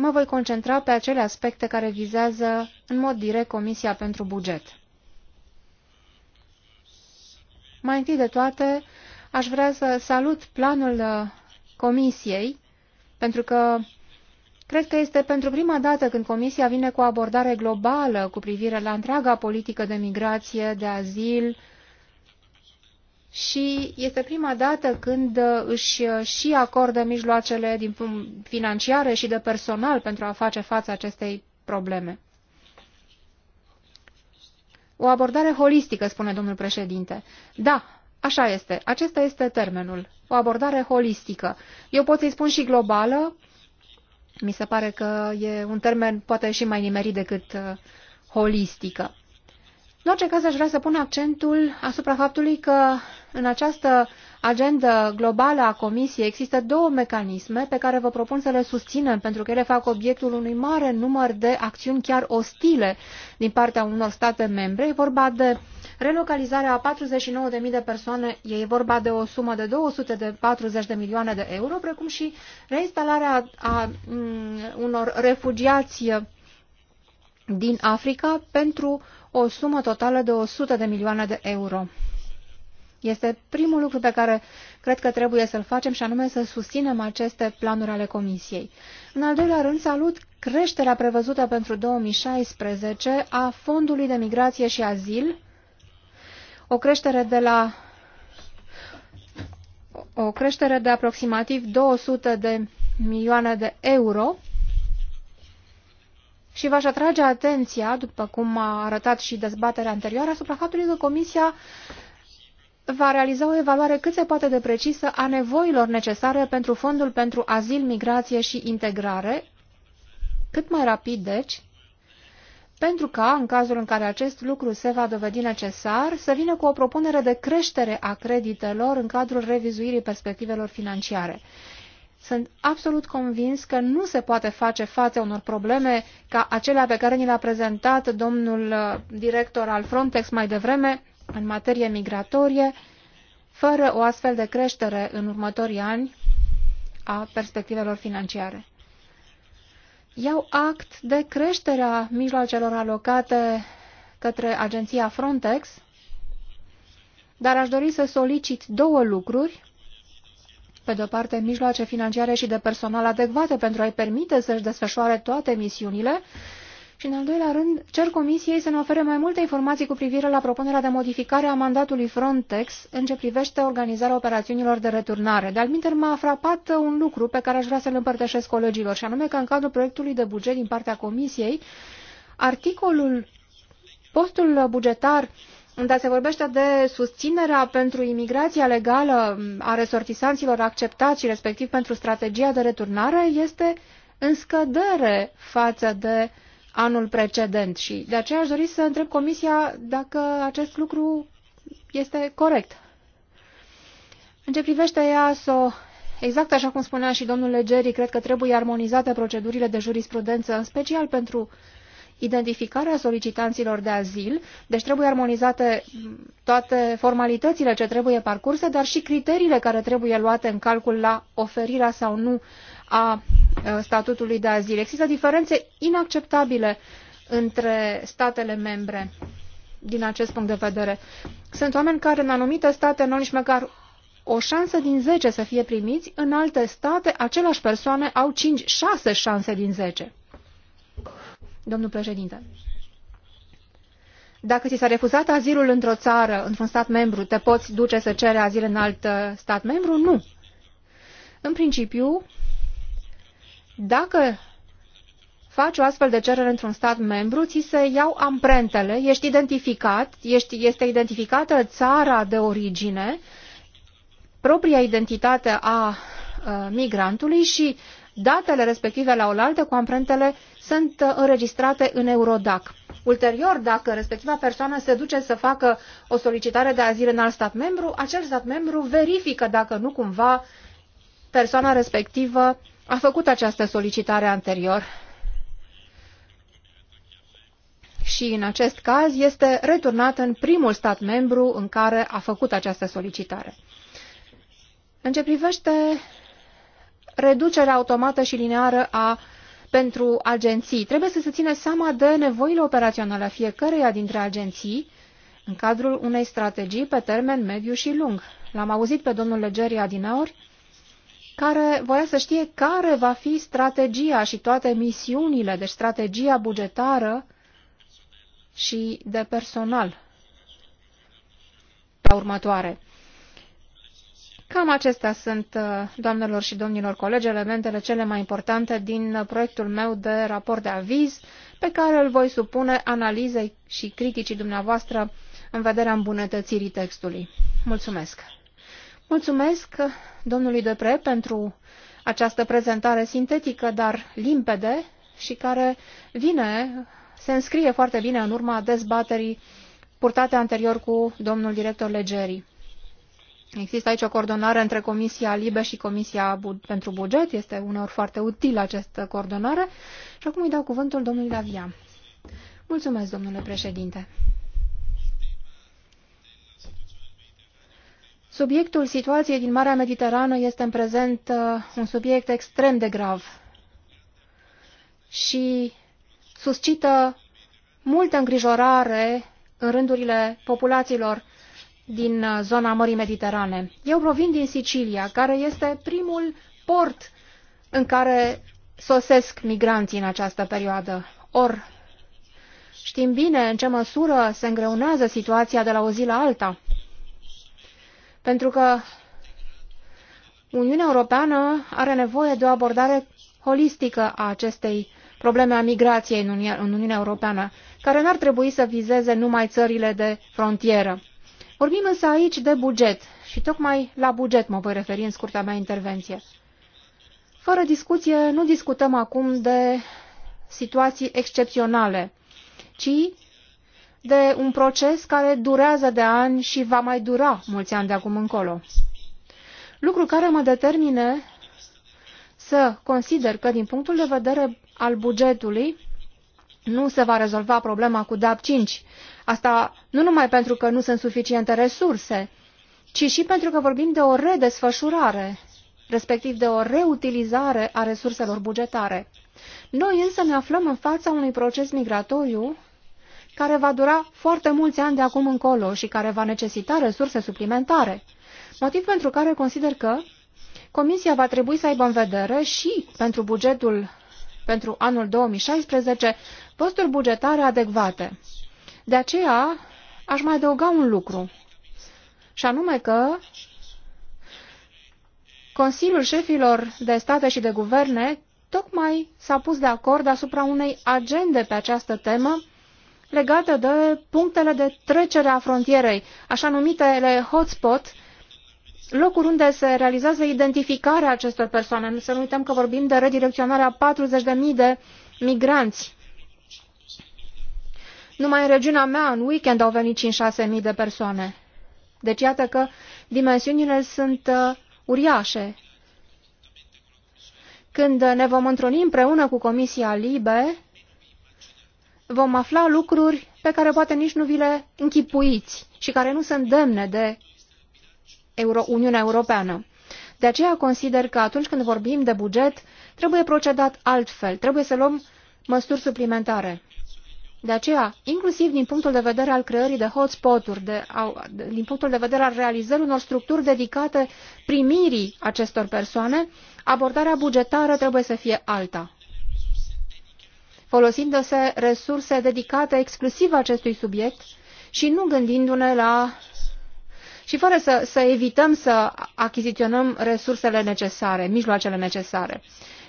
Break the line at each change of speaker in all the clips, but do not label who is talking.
mă voi concentra pe acele aspecte care vizează în mod direct Comisia pentru Buget. Mai întâi de toate, aș vrea să salut planul uh, Comisiei, pentru că cred că este pentru prima dată când Comisia vine cu o abordare globală cu privire la întreaga politică de migrație, de azil, și este prima dată când uh, își uh, și acordă mijloacele din financiare și de personal pentru a face față acestei probleme. O abordare holistică, spune domnul președinte. Da, așa este. Acesta este termenul. O abordare holistică. Eu pot să-i spun și globală. Mi se pare că e un termen poate și mai nimerit decât uh, holistică. În orice caz, aș vrea să pun accentul asupra faptului că în această agendă globală a Comisiei există două mecanisme pe care vă propun să le susținem, pentru că ele fac obiectul unui mare număr de acțiuni chiar ostile din partea unor state membre. E vorba de relocalizarea a 49.000 de persoane, e vorba de o sumă de 240 de milioane de euro, precum și reinstalarea a, mm, unor refugiați din Africa pentru o sumă totală de 100 de milioane de euro. Este primul lucru pe care cred că trebuie să-l facem și anume să susținem aceste planuri ale Comisiei. În al doilea rând, salut creșterea prevăzută pentru 2016 a Fondului de Migrație și Azil, o creștere de la o creștere de aproximativ 200 de milioane de euro și v-aș atrage atenția, după cum a arătat și dezbaterea anterioară, asupra faptului că Comisia va realiza o evaluare cât se poate de precisă a nevoilor necesare pentru Fondul pentru Azil, Migrație și Integrare, cât mai rapid, deci, pentru ca, în cazul în care acest lucru se va dovedi necesar, să vină cu o propunere de creștere a creditelor în cadrul revizuirii perspectivelor financiare. Sunt absolut convins că nu se poate face față unor probleme ca acelea pe care ni le-a prezentat domnul uh, director al Frontex mai devreme în materie migratorie, fără o astfel de creștere în următorii ani a perspectivelor financiare. Iau act de creșterea mijloacelor alocate către agenția Frontex, dar aș dori să solicit două lucruri pe de-o parte, mijloace financiare și de personal adecvate pentru a-i permite să-și desfășoare toate misiunile și, în al doilea rând, cer Comisiei să ne ofere mai multe informații cu privire la propunerea de modificare a mandatului Frontex în ce privește organizarea operațiunilor de returnare. De-al m-a frapat un lucru pe care aș vrea să-l împărtășesc colegilor, și anume că în cadrul proiectului de buget din partea Comisiei, articolul, postul bugetar dar se vorbește de susținerea pentru imigrația legală a resortisanților acceptați și respectiv pentru strategia de returnare este în scădere față de anul precedent și de aceea aș dori să întreb Comisia dacă acest lucru este corect. În ce privește EASO, exact așa cum spunea și domnul Legeri, cred că trebuie armonizate procedurile de jurisprudență, în special pentru identificarea solicitanților de azil, deci trebuie armonizate toate formalitățile ce trebuie parcurse, dar și criteriile care trebuie luate în calcul la oferirea sau nu a uh, statutului de azil. Există diferențe inacceptabile între statele membre din acest punct de vedere. Sunt oameni care în anumite state nu au nici măcar o șansă din 10 să fie primiți, în alte state aceleași persoane au 5-6 șanse din 10. Domnul președinte, dacă ți s-a refuzat azilul într-o țară, într-un stat membru, te poți duce să cere azil în alt uh, stat membru? Nu. În principiu, dacă faci o astfel de cerere într-un stat membru, ți se iau amprentele, ești identificat, ești, este identificată țara de origine, propria identitate a uh, migrantului și datele respective la oaltă cu amprentele sunt uh, înregistrate în Eurodac. Ulterior, dacă respectiva persoană se duce să facă o solicitare de azil în alt stat membru, acel stat membru verifică dacă nu cumva persoana respectivă a făcut această solicitare anterior. Și în acest caz este returnat în primul stat membru în care a făcut această solicitare. În ce privește reducerea automată și lineară a pentru agenții. Trebuie să se ține seama de nevoile operaționale a fiecăreia dintre agenții în cadrul unei strategii pe termen mediu și lung. L-am auzit pe domnul Legeri adinaur, care voia să știe care va fi strategia și toate misiunile, deci strategia bugetară și de personal la următoare. Cam acestea sunt, uh, doamnelor și domnilor colegi, elementele cele mai importante din uh, proiectul meu de raport de aviz, pe care îl voi supune analizei și criticii dumneavoastră în vederea îmbunătățirii textului. Mulțumesc! Mulțumesc uh, domnului Depre pentru această prezentare sintetică, dar limpede și care vine, se înscrie foarte bine în urma dezbaterii purtate anterior cu domnul director Legerii. Există aici o coordonare între Comisia Libe și Comisia Bu- pentru Buget. Este uneori foarte util această coordonare. Și acum îi dau cuvântul domnului Davia. Mulțumesc, domnule președinte. Subiectul situației din Marea Mediterană este în prezent uh, un subiect extrem de grav și suscită multă îngrijorare în rândurile populațiilor din uh, zona Mării Mediterane. Eu provin din Sicilia, care este primul port în care sosesc migranții în această perioadă. Or, știm bine în ce măsură se îngreunează situația de la o zi la alta. Pentru că Uniunea Europeană are nevoie de o abordare holistică a acestei probleme a migrației în Uniunea Europeană, care n-ar trebui să vizeze numai țările de frontieră. Vorbim însă aici de buget și tocmai la buget mă voi referi în scurta mea intervenție. Fără discuție, nu discutăm acum de situații excepționale, ci de un proces care durează de ani și va mai dura mulți ani de acum încolo. Lucru care mă determine să consider că, din punctul de vedere al bugetului, nu se va rezolva problema cu DAP 5, Asta nu numai pentru că nu sunt suficiente resurse, ci și pentru că vorbim de o redesfășurare, respectiv de o reutilizare a resurselor bugetare. Noi însă ne aflăm în fața unui proces migratoriu care va dura foarte mulți ani de acum încolo și care va necesita resurse suplimentare, motiv pentru care consider că Comisia va trebui să aibă în vedere și pentru bugetul pentru anul 2016 posturi bugetare adecvate. De aceea aș mai adăuga un lucru, și anume că Consiliul șefilor de state și de guverne tocmai s-a pus de acord asupra unei agende pe această temă legată de punctele de trecere a frontierei, așa numitele hotspot, locuri unde se realizează identificarea acestor persoane. Să nu uităm că vorbim de redirecționarea 40.000 de migranți numai în regiunea mea, în weekend, au venit 5-6 mii de persoane. Deci iată că dimensiunile sunt uh, uriașe. Când ne vom întruni împreună cu Comisia Libe, vom afla lucruri pe care poate nici nu vi le închipuiți și care nu sunt demne de Euro Uniunea Europeană. De aceea consider că atunci când vorbim de buget, trebuie procedat altfel, trebuie să luăm măsuri suplimentare. De aceea, inclusiv din punctul de vedere al creării de hotspot-uri, din punctul de vedere al realizării unor structuri dedicate primirii acestor persoane, abordarea bugetară trebuie să fie alta, folosindu-se resurse dedicate exclusiv acestui subiect și nu gândindu-ne la și fără să, să evităm să achiziționăm resursele necesare, mijloacele necesare.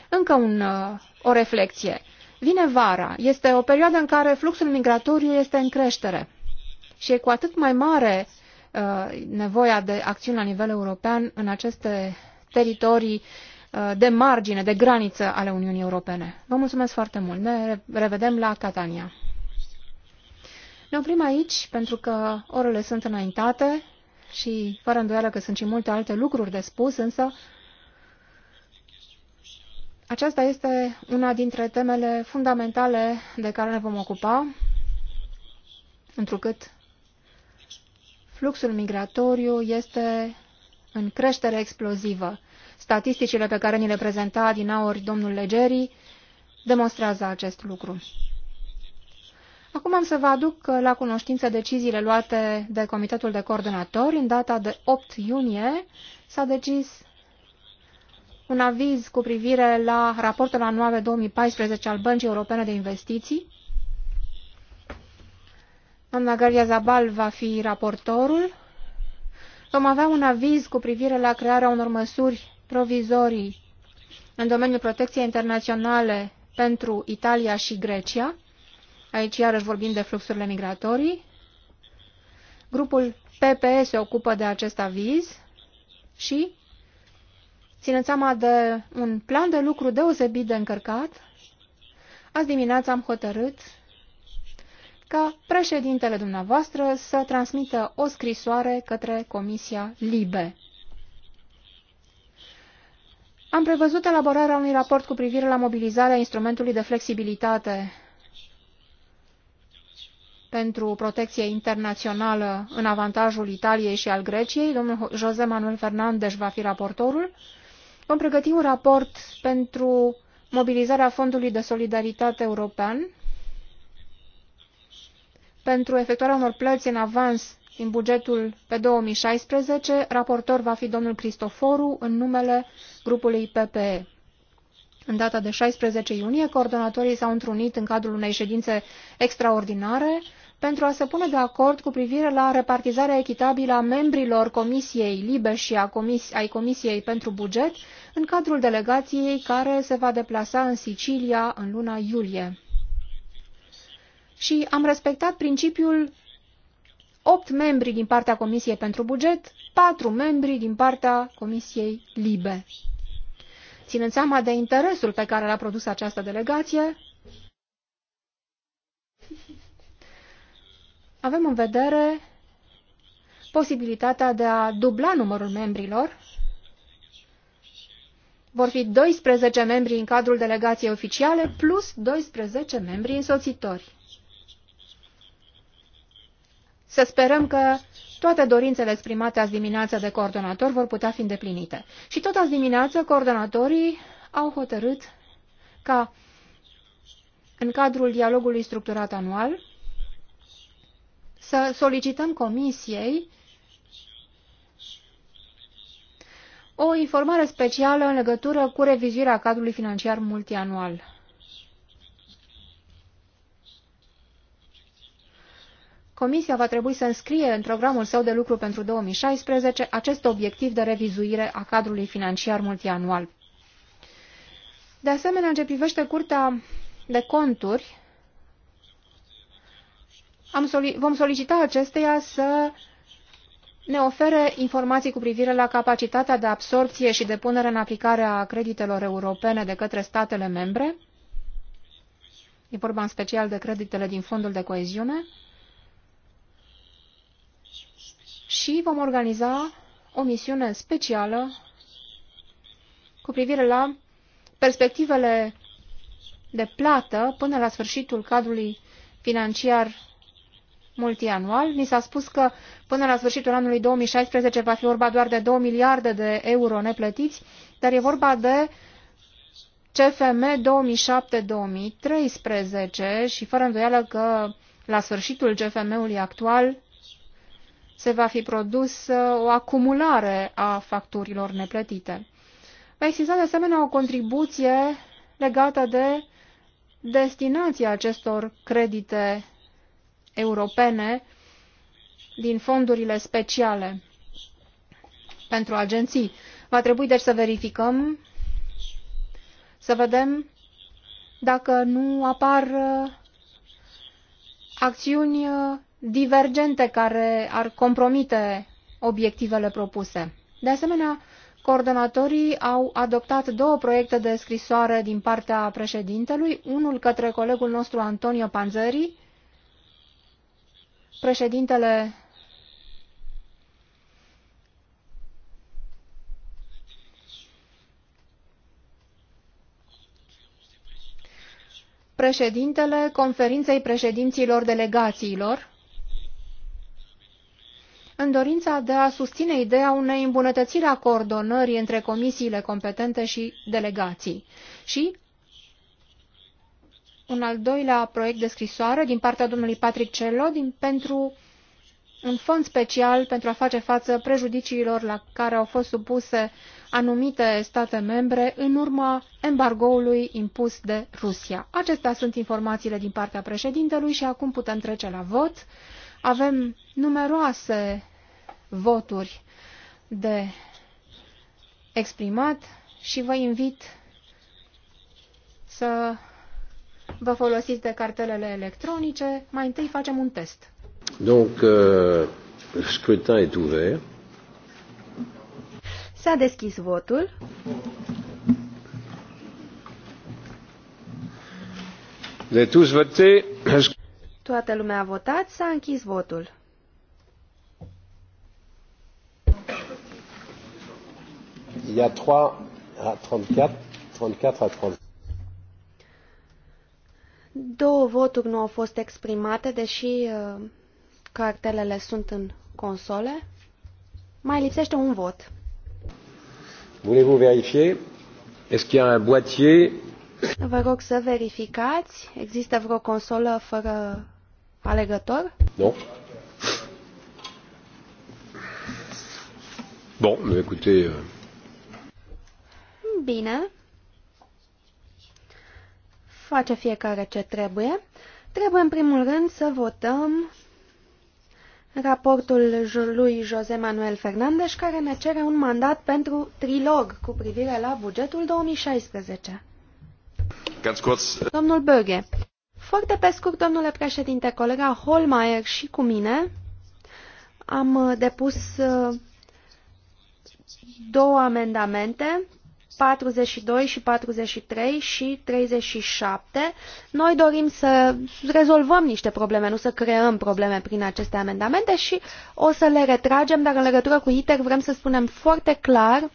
Încă un, uh, o reflexie. Vine vara, este o perioadă în care fluxul migratoriu este în creștere și e cu atât mai mare uh, nevoia de acțiuni la nivel european în aceste teritorii uh, de margine, de graniță ale Uniunii Europene. Vă mulțumesc foarte mult. Ne revedem la Catania. Ne oprim aici pentru că orele sunt înaintate și fără îndoială că sunt și multe alte lucruri de spus, însă aceasta este una dintre temele fundamentale de care ne vom ocupa, întrucât fluxul migratoriu este în creștere explozivă. Statisticile pe care ni le prezenta din aur domnul Legeri, demonstrează acest lucru. Acum am să vă aduc la cunoștință deciziile luate de Comitetul de Coordonatori. În data de 8 iunie s-a decis un aviz cu privire la raportul anual 2014 al Băncii Europene de Investiții. Doamna Găria Zabal va fi raportorul. Vom avea un aviz cu privire la crearea unor măsuri provizorii în domeniul protecției internaționale pentru Italia și Grecia. Aici iarăși vorbim de fluxurile migratorii. Grupul PPE se ocupă de acest aviz și Ținând seama de un plan de lucru deosebit de încărcat, azi dimineața am hotărât ca președintele dumneavoastră să transmită o scrisoare către Comisia LIBE. Am prevăzut elaborarea unui raport cu privire la mobilizarea instrumentului de flexibilitate pentru protecție internațională în avantajul Italiei și al Greciei. Domnul José Manuel Fernandez va fi raportorul. Vom pregăti un raport pentru mobilizarea Fondului de Solidaritate European pentru efectuarea unor plăți în avans din bugetul pe 2016. Raportor va fi domnul Cristoforu în numele grupului PPE. În data de 16 iunie, coordonatorii s-au întrunit în cadrul unei ședințe extraordinare pentru a se pune de acord cu privire la repartizarea echitabilă a membrilor Comisiei Libe și a comis ai Comisiei pentru Buget în cadrul delegației care se va deplasa în Sicilia în luna iulie. Și am respectat principiul 8 membri din partea Comisiei pentru Buget, 4 membri din partea Comisiei Libe. Ținând seama de interesul pe care l-a produs această delegație, avem în vedere posibilitatea de a dubla numărul membrilor. Vor fi 12 membri în cadrul delegației oficiale plus 12 membri însoțitori. Să sperăm că toate dorințele exprimate azi dimineață de coordonator vor putea fi îndeplinite. Și tot azi dimineață coordonatorii au hotărât ca în cadrul dialogului structurat anual să solicităm Comisiei o informare specială în legătură cu revizuirea cadrului financiar multianual. Comisia va trebui să înscrie în programul său de lucru pentru 2016 acest obiectiv de revizuire a cadrului financiar multianual. De asemenea, în ce privește Curtea de Conturi, am soli vom solicita acesteia să ne ofere informații cu privire la capacitatea de absorpție și de punere în aplicare a creditelor europene de către statele membre, e vorba în special de creditele din fondul de coeziune, și vom organiza o misiune specială cu privire la perspectivele de plată până la sfârșitul cadrului financiar multianual. Ni s-a spus că până la sfârșitul anului 2016 va fi vorba doar de 2 miliarde de euro neplătiți, dar e vorba de CFM 2007-2013 și fără îndoială că la sfârșitul CFM-ului actual se va fi produs uh, o acumulare a facturilor neplătite. Va exista de asemenea o contribuție legată de destinația acestor credite europene din fondurile speciale pentru agenții. Va trebui deci să verificăm, să vedem dacă nu apar uh, acțiuni uh, divergente care ar compromite obiectivele propuse. De asemenea, coordonatorii au adoptat două proiecte de scrisoare din partea președintelui, unul către colegul nostru Antonio Panzeri Președintele președintele conferinței președinților delegațiilor în dorința de a susține ideea unei îmbunătățiri a coordonării între comisiile competente și delegații și un al doilea proiect de scrisoare din partea domnului Patrick Cello din, pentru un fond special pentru a face față prejudiciilor la care au fost supuse anumite state membre în urma embargoului impus de Rusia. Acestea sunt informațiile din partea președintelui și acum putem trece la vot. Avem numeroase voturi de exprimat și vă invit să vă folosiți de cartelele electronice, mai întâi facem un test.
Donc, euh, scrutin est ouvert.
S-a deschis votul.
De tous voté.
Toată lumea a votat, s-a închis votul.
Il y a 3 à 34, 34 à 30.
Două voturi nu au fost exprimate, deși uh, cartelele sunt în console. Mai lipsește un vot.
Voulez-vous vérifier? Est-ce qu'il y a un boîtier?
Vă rog să verificați. Există vreo consolă fără alegător?
Nu. Bon, écoutez. Euh,
Bine face fiecare ce trebuie. Trebuie în primul rând să votăm raportul lui José Manuel Fernandes care ne cere un mandat pentru trilog cu privire la bugetul 2016. Domnul Böge, foarte pe scurt, domnule președinte, colega Holmeier și cu mine am uh, depus uh, două amendamente 42 și 43 și 37. Noi dorim să rezolvăm niște probleme, nu să creăm probleme prin aceste amendamente și o să le retragem, dar în legătură cu ITER vrem să spunem foarte clar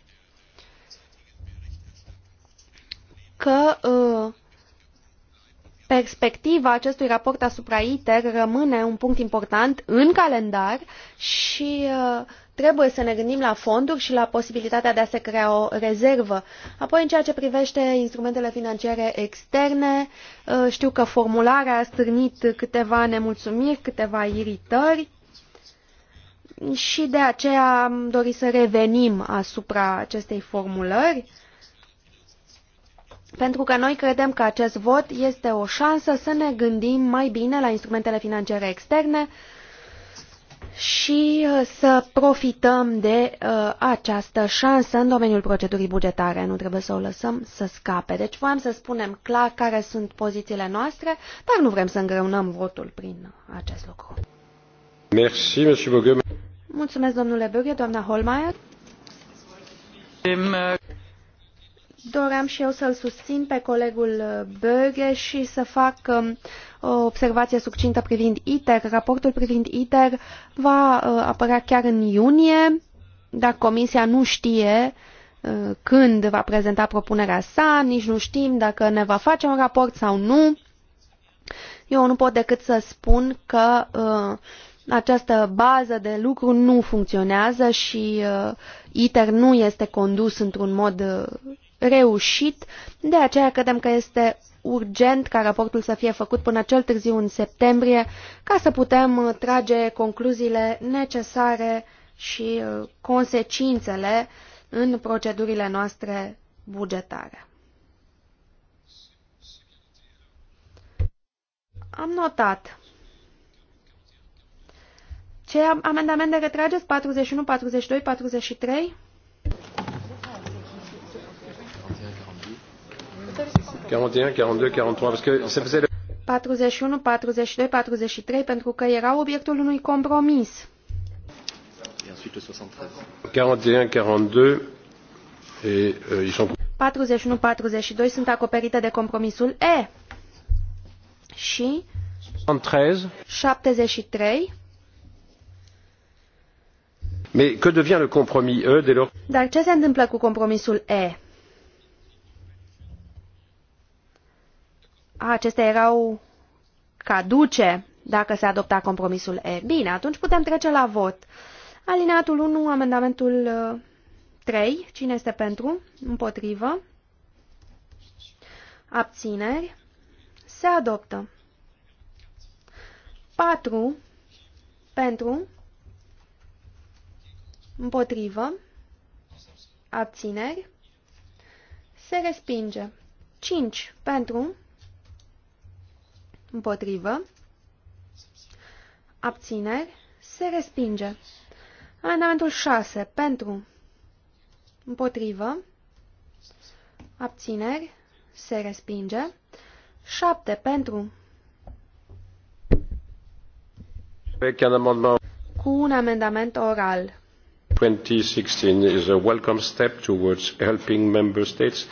că uh, perspectiva acestui raport asupra ITER rămâne un punct important în calendar și uh, Trebuie să ne gândim la fonduri și la posibilitatea de a se crea o rezervă. Apoi, în ceea ce privește instrumentele financiare externe, uh, știu că formularea a stârnit câteva nemulțumiri, câteva iritări și de aceea am dorit să revenim asupra acestei formulări, pentru că noi credem că acest vot este o șansă să ne gândim mai bine la instrumentele financiare externe, și uh, să profităm de uh, această șansă în domeniul procedurii bugetare. Nu trebuie să o lăsăm să scape. Deci voiam să spunem clar care sunt pozițiile noastre, dar nu vrem să îngreunăm votul prin acest lucru. Merci, Mulțumesc, domnule Böge, doamna Holmeier. Doream și eu să-l susțin pe colegul Böge și să fac um, o observație succintă privind ITER. Raportul privind ITER va uh, apărea chiar în iunie, dar Comisia nu știe uh, când va prezenta propunerea sa, nici nu știm dacă ne va face un raport sau nu. Eu nu pot decât să spun că uh, această bază de lucru nu funcționează și ITER nu este condus într-un mod reușit, de aceea credem că este urgent ca raportul să fie făcut până cel târziu în septembrie, ca să putem uh, trage concluziile necesare și uh, consecințele în procedurile noastre bugetare. Am notat. Ce amendamente retrageți? 41, 42, 43? 41,
42, 43, parce que ça faisait le...
41, 42, 43, pentru că era obiectul unui compromis.
41, 42, et, euh, ils sont...
41, 42 sunt acoperite de compromisul E. Și
73.
73.
Mais que devient le compromis E dès lors
Dar ce se întâmplă cu compromisul E? acestea erau caduce dacă se adopta compromisul E. Bine, atunci putem trece la vot. Alineatul 1, amendamentul 3. Uh, Cine este pentru? Împotrivă. Abțineri. Se adoptă. 4. Pentru. Împotrivă. Abțineri. Se respinge. 5. Pentru. Împotrivă. Abțineri. Se respinge. Amendamentul 6. Pentru. Împotrivă. Abțineri. Se respinge. 7. Pentru. Cu un amendament oral.
2016 is a welcome step towards helping member states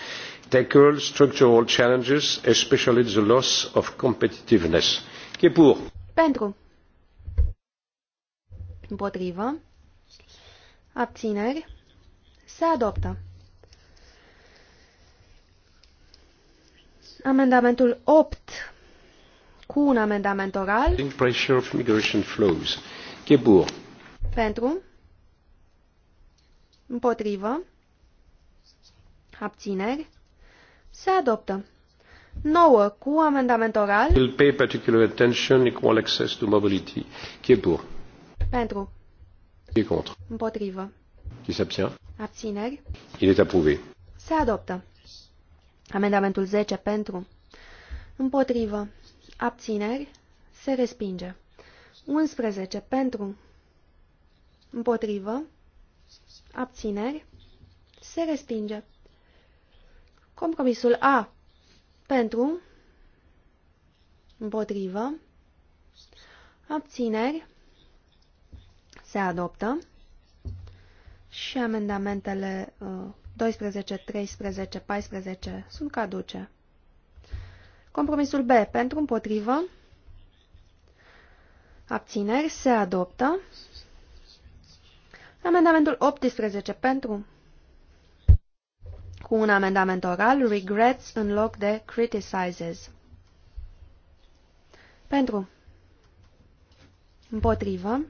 tackle structural challenges, especially the loss of competitiveness. Qui est pour?
Pentru. Împotrivă. Abțineri. Se adoptă. Amendamentul 8 cu un amendament oral.
Pressure of migration flows. Qui est pour?
Pentru. Împotrivă. Abțineri. Se adoptă. 9. Cu amendament oral.
Will pay particular attention equal access to mobility. Qui est pour? Pentru. Qui est contre?
Împotrivă. Qui s'abstient? Abțineri. Il est approuvé. Se adoptă. Amendamentul 10 pentru. Împotrivă. Abțineri. Se respinge. 11 pentru. Împotrivă. Abțineri. Se respinge. Compromisul A pentru, împotrivă, abțineri, se adoptă și amendamentele 12, 13, 14 sunt caduce. Compromisul B pentru împotrivă, abțineri, se adoptă. Amendamentul 18 pentru cu un amendament oral, regrets în loc de criticizes. Pentru. Împotrivă.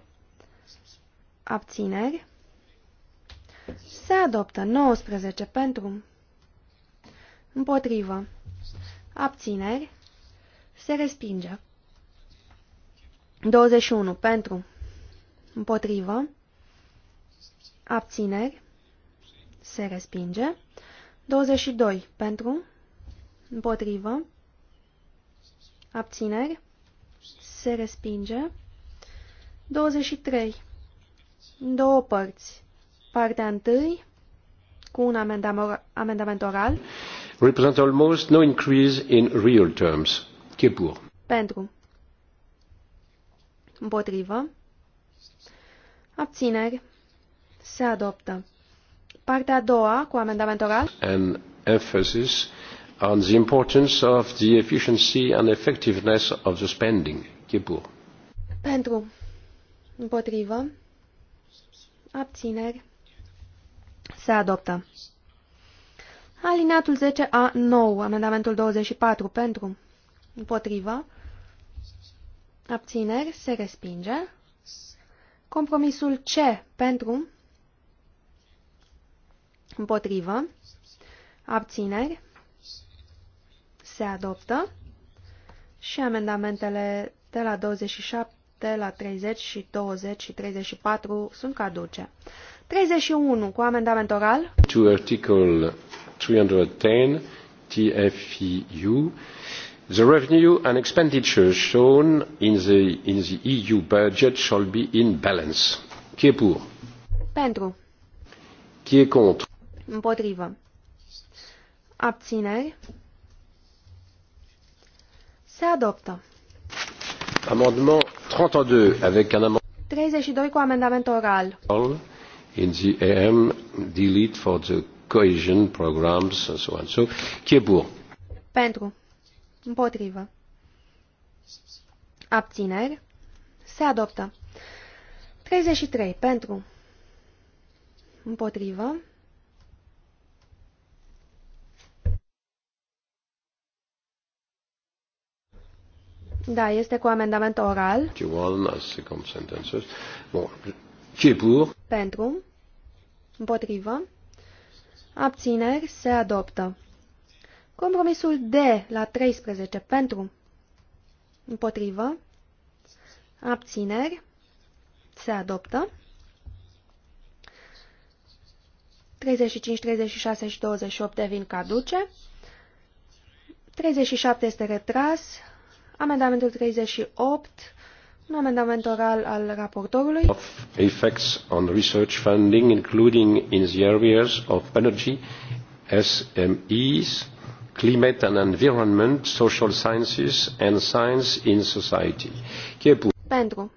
Abțineri. Se adoptă 19 pentru. Împotrivă. Abțineri. Se respinge. 21 pentru. Împotrivă. Abțineri. Se respinge. 22 pentru, împotrivă, abțineri, se respinge. 23 în două părți. Partea întâi cu un amendament oral.
Represent almost no increase in real terms.
Qui Pentru. Împotrivă. Abțineri. Se adoptă. Partea a doua, cu amendament oral.
An emphasis on the importance of the efficiency and effectiveness of the spending. Chipur.
Pentru. Împotrivă. Abțineri. Se adoptă. Alineatul 10A9, amendamentul 24, pentru, împotrivă, abțineri, se respinge. Compromisul C, pentru, Împotrivă. Abțineri. Se adoptă. Și amendamentele de la 27 la 30 și 20 și 34 sunt caduce. 31 cu amendament oral.
To article 310 TFEU the revenue and expenditure shown in the, in the eu budget shall be in balance. qui est pour? pentru. qui est contre?
Împotrivă. Abțineri. Se adoptă.
Amendement 32 avec un amendement
32 cu amendament oral.
In the AM, delete for the cohesion programs and so on. So, qui est pour?
Pentru. Împotrivă. Abțineri. Se adoptă. 33. Pentru. Împotrivă. Da, este cu amendament oral. Pentru. Împotrivă. Abțineri se adoptă. Compromisul D la 13 pentru. Împotrivă. Abțineri se adoptă. 35, 36 și 28 devin caduce. 37 este retras. Amendamentul 38, un amendament oral al raportorului. Of
effects on research funding, including in the areas of energy, SMEs, climate and environment, social sciences and science in society.
Pentru.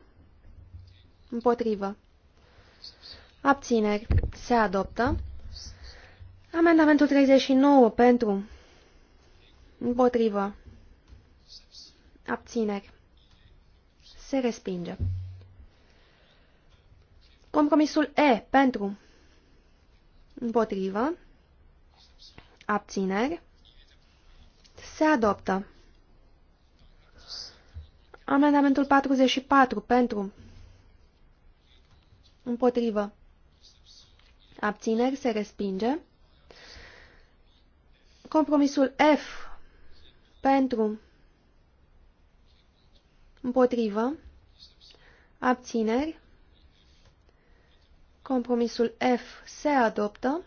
Împotrivă. Abțineri. Se adoptă. Amendamentul 39 pentru. Împotrivă abțineri, se respinge. Compromisul E pentru împotrivă, abțineri, se adoptă. Amendamentul 44 pentru împotrivă, abțineri, se respinge. Compromisul F pentru Împotrivă. Abțineri. Compromisul F se adoptă.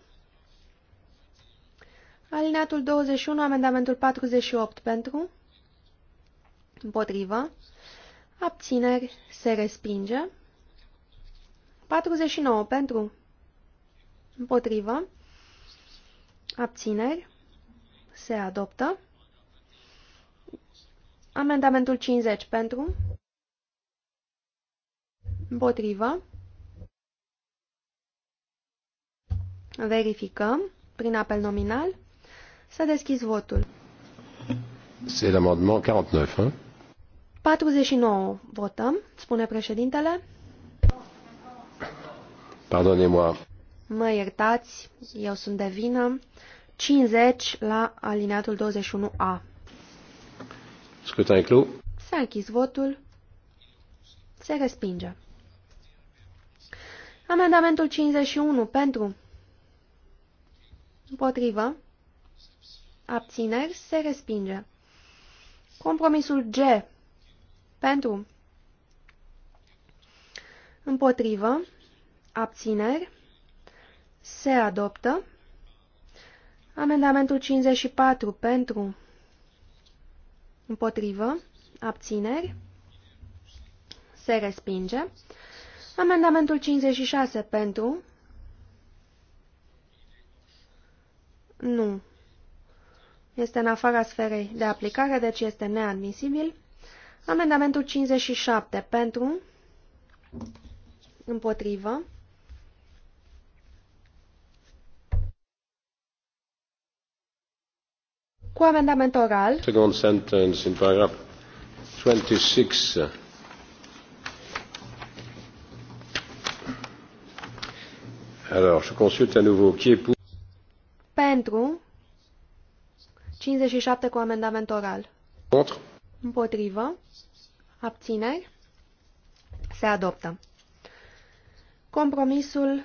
Alineatul 21, amendamentul 48 pentru. Împotrivă. Abțineri se respinge. 49 pentru. Împotrivă. Abțineri se adoptă. Amendamentul 50 pentru, împotrivă, verificăm prin apel nominal, Să a deschis votul.
C'est l'amendement 49, hein?
49 votăm, spune președintele.
Pardonnez-moi.
Mă iertați, eu sunt de vină. 50 la alineatul 21A. Scrutin clos. S-a închis votul. Se respinge. Amendamentul 51 pentru. Împotrivă. Abțineri. Se respinge. Compromisul G. Pentru. Împotrivă. Abțineri. Se adoptă. Amendamentul 54 pentru. Împotrivă. Abțineri. Se respinge. Amendamentul 56 pentru. Nu. Este în afara sferei de aplicare, deci este neadmisibil. Amendamentul 57 pentru. Împotrivă. Cu amendament oral.
Second sentence in paragraph 26. Alors, je consulte à nouveau qui est pour.
Pentru. 57 cu amendament oral. Contre. Împotrivă. Abțineri. Se adoptă. Compromisul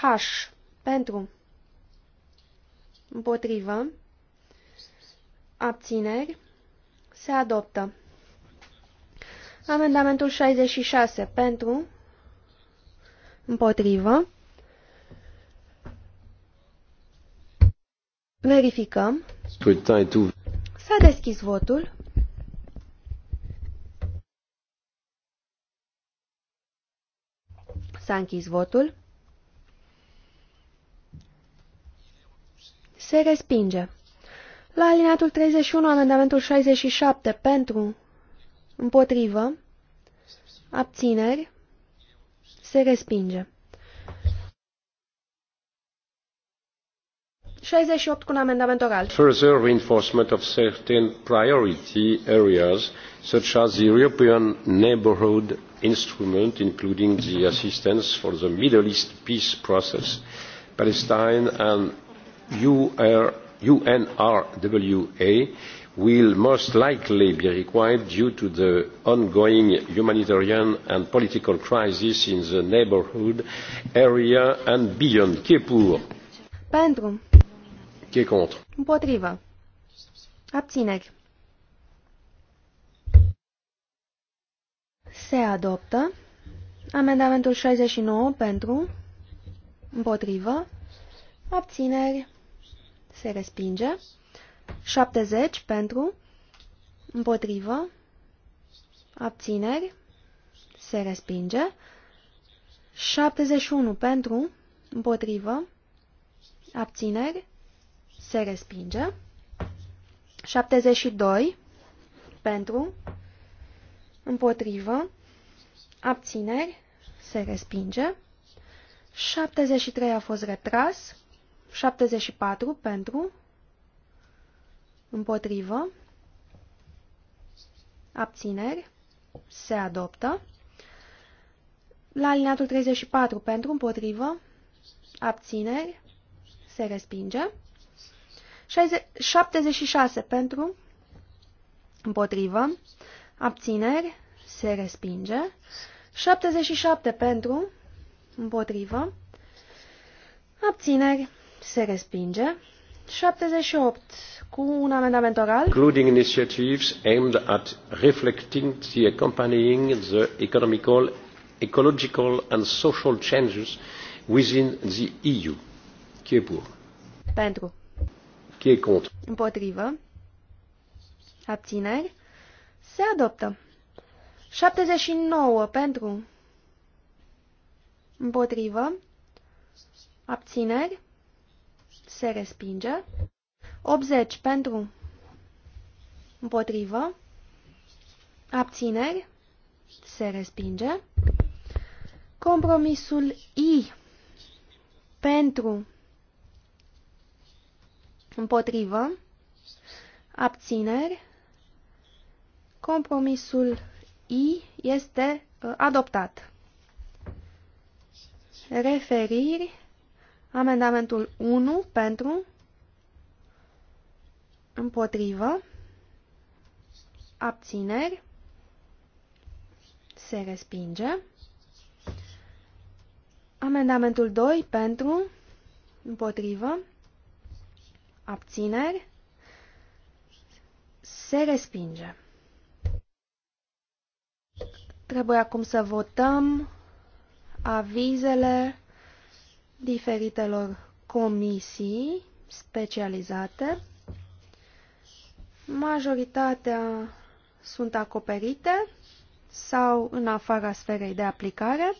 H. Pentru. Împotrivă. Abțineri. Se adoptă. Amendamentul 66 pentru. Împotrivă. Verificăm. S-a deschis votul. S-a închis votul. se respinge. La alineatul 31, amendamentul 67 pentru, împotrivă, abțineri, se respinge. 68 cu un amendament oral.
Further reinforcement of certain priority areas such as the European neighborhood instrument including the assistance for the Middle East peace process, Palestine and unrwa will most likely be required due to the ongoing humanitarian and political crisis in the neighbourhood area and beyond. Qui est pour? Pentru. Qui est contre?
Împotrivă. Abțineri. Se adoptă. Amendamentul 69 pentru. Împotrivă. Abțineri se respinge. 70 pentru, împotrivă, abțineri, se respinge. 71 pentru, împotrivă, abțineri, se respinge. 72 pentru, împotrivă, abțineri, se respinge. 73 a fost retras. 74 pentru, împotrivă, abțineri, se adoptă. La alineatul 34 pentru, împotrivă, abțineri, se respinge. 76 pentru, împotrivă, abțineri, se respinge. 77 pentru, împotrivă, abțineri, se respinge. 78 cu un amendament oral. Including
initiatives aimed at reflecting the accompanying the economical, ecological and social changes within the EU. Qui est pour? Pentru. Qui est contre?
Împotrivă. Abțineri. Se adoptă. 79 pentru. Împotrivă. Abțineri se respinge. 80 pentru împotrivă, abțineri, se respinge. Compromisul I pentru împotrivă, abțineri, compromisul I este uh, adoptat. Referiri Amendamentul 1 pentru, împotrivă, abțineri, se respinge. Amendamentul 2 pentru, împotrivă, abțineri, se respinge. Trebuie acum să votăm avizele diferitelor comisii specializate. Majoritatea sunt acoperite sau în afara sferei de aplicare.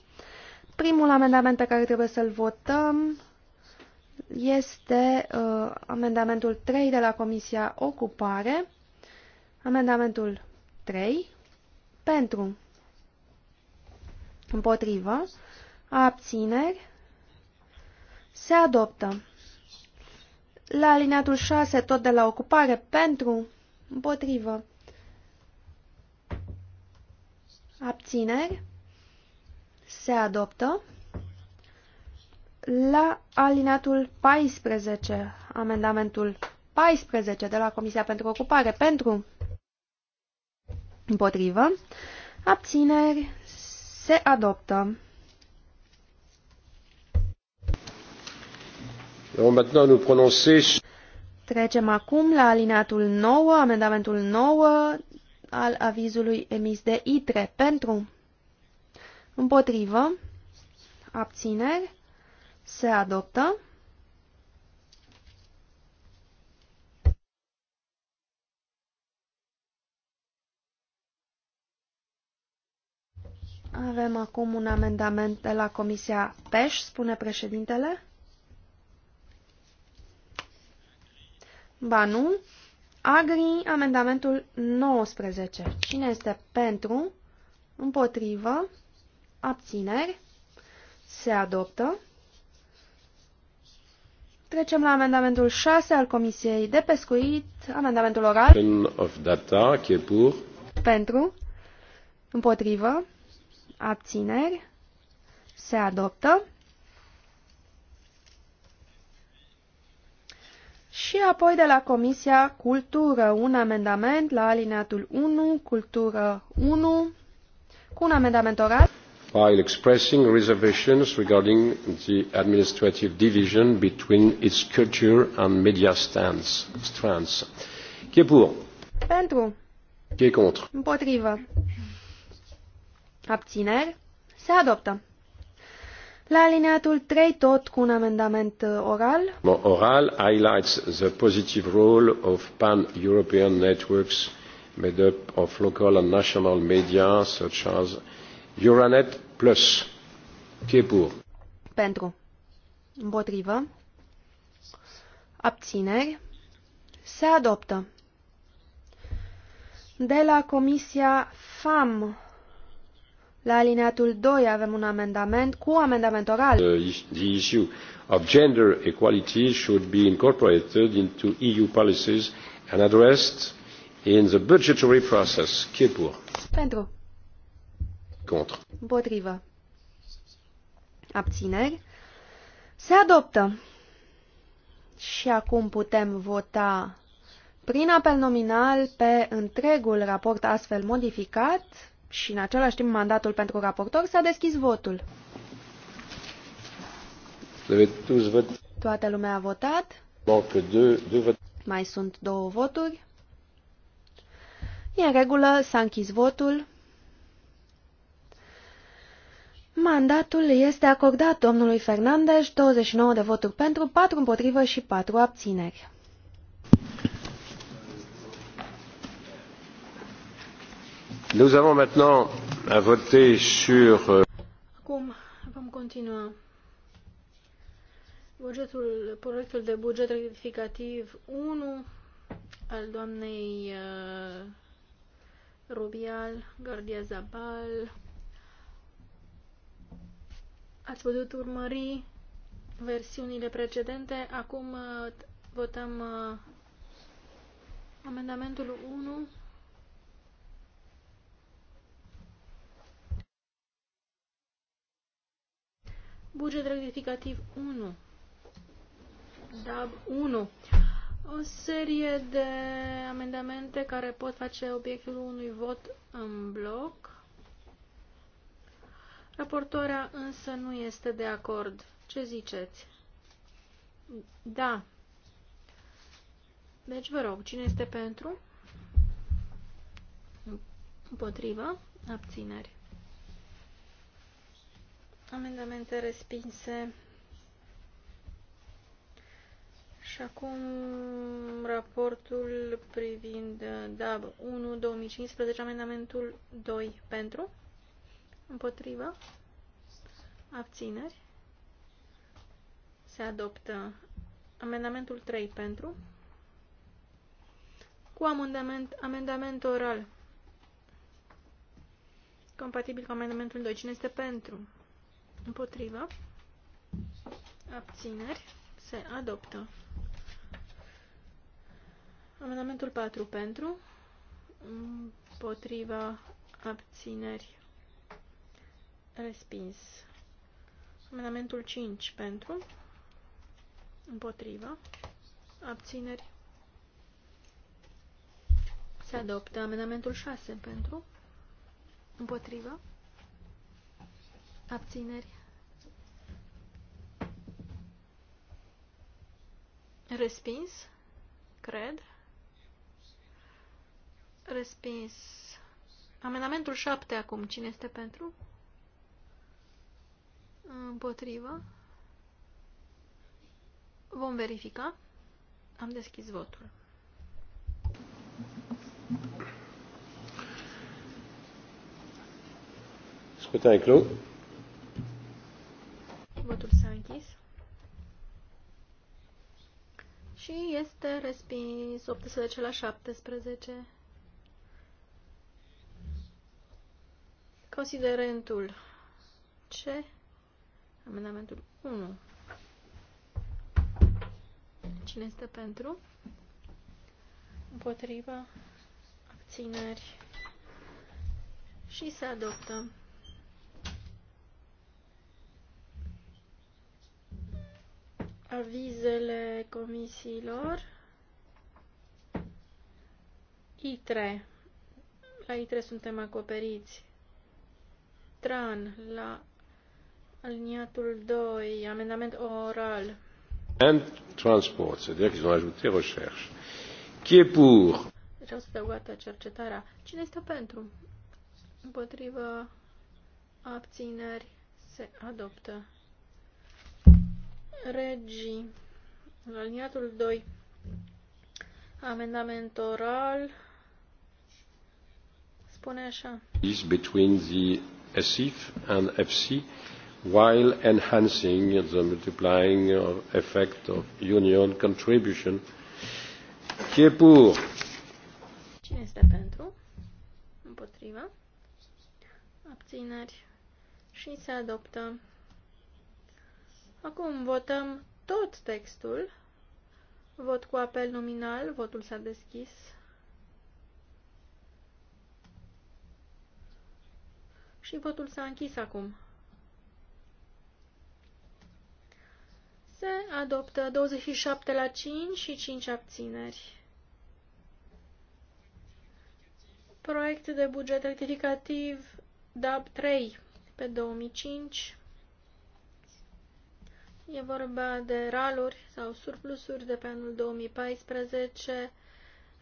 Primul amendament pe care trebuie să-l votăm este uh, amendamentul 3 de la Comisia Ocupare. Amendamentul 3 pentru împotrivă abțineri se adoptă. La alineatul 6, tot de la ocupare, pentru, împotrivă, abțineri, se adoptă. La alineatul 14, amendamentul 14 de la Comisia pentru Ocupare, pentru, împotrivă, abțineri, se adoptă. Trecem acum la alineatul 9, amendamentul 9 al avizului emis de ITRE pentru împotrivă, abțineri, se adoptă. Avem acum un amendament de la Comisia PEș, spune președintele. Ba nu. Agri, amendamentul 19. Cine este pentru? Împotrivă? Abțineri? Se adoptă. Trecem la amendamentul 6 al Comisiei de Pescuit, amendamentul oral.
Of data, pour.
Pentru, împotrivă, abțineri, se adoptă. Și apoi de la Comisia Cultură, un amendament la alineatul 1, Cultură 1, cu un amendament oral.
While expressing reservations regarding the administrative division between its culture and media stance, strands. Qui est pour? Pentru. Qui est contre?
Împotrivă. Abțineri. Se adoptă. La alineatul 3, tot cu un amendament uh, oral.
Oral highlights the positive role of pan-European networks made up of local and national media such as Euronet Plus. Qui est pour?
Pentru. Împotrivă. Abțineri. Se adoptă. De la Comisia FAM la alineatul 2 avem un amendament cu amendament oral.
The issue of gender equality should be incorporated into EU policies and addressed in the budgetary process. Qui est pour? Pentru. Contre.
Împotrivă. Abțineri. Se adoptă. Și acum putem vota prin apel nominal pe întregul raport astfel modificat și în același timp mandatul pentru raportor, s-a deschis votul. Toată lumea a votat. Mai sunt două voturi. E în regulă, s-a închis votul. Mandatul este acordat domnului Fernandez, 29 de voturi pentru, 4 împotrivă și 4 abțineri.
Nous avons maintenant à voter sur.
Euh, Acum vom continua. Bugetul, proiectul de buget rectificativ 1 al doamnei uh, Rubial Gardia Zabal. Ați putut urmări versiunile precedente. Acum uh, votăm uh, amendamentul 1 Buget rectificativ 1. DAB 1. O serie de amendamente care pot face obiectul unui vot în bloc. Raportoarea însă nu este de acord. Ce ziceți? Da. Deci vă rog, cine este pentru? Împotrivă? Abțineri. Amendamente respinse. Și acum raportul privind DAB 1 2015, amendamentul 2 pentru, împotrivă, abțineri, se adoptă amendamentul 3 pentru, cu amendament, amendament oral, compatibil cu amendamentul 2. Cine este pentru? Împotrivă. Abțineri. Se adoptă. Amendamentul 4 pentru. Împotriva abțineri. Respins. Amendamentul 5 pentru. Împotriva. Abțineri. Se adoptă amendamentul 6 pentru. Împotriva. Abțineri. Respins, cred. Respins. Amendamentul 7 acum. Cine este pentru? Împotrivă. Vom verifica. Am deschis votul.
Scrutin clos
votul s-a închis. Și este respins 18 la 17. Considerentul C, amendamentul 1. Cine este pentru? Împotriva abțineri. Și se adoptă. avizele comisiilor. I3. La I3 suntem acoperiți. TRAN la aliniatul 2, amendament oral.
And transport, c'est-à-dire qu'ils ont ajouté recherche. Qui est pour?
Deci au adăugată cercetarea. Cine este pentru? Împotrivă abțineri se adoptă. Regii, aliniatul 2, amendament oral, spune așa.
Is between the SIF and FC while enhancing the multiplying effect of union contribution. Qui est pour?
Cine este pentru? Împotriva? Abțineri. Și se adoptă. Acum votăm tot textul. Vot cu apel nominal. Votul s-a deschis. Și votul s-a închis acum. Se adoptă 27 la 5 și 5 abțineri. Proiect de buget rectificativ DAB 3 pe 2005. E vorba de raluri sau surplusuri de pe anul 2014,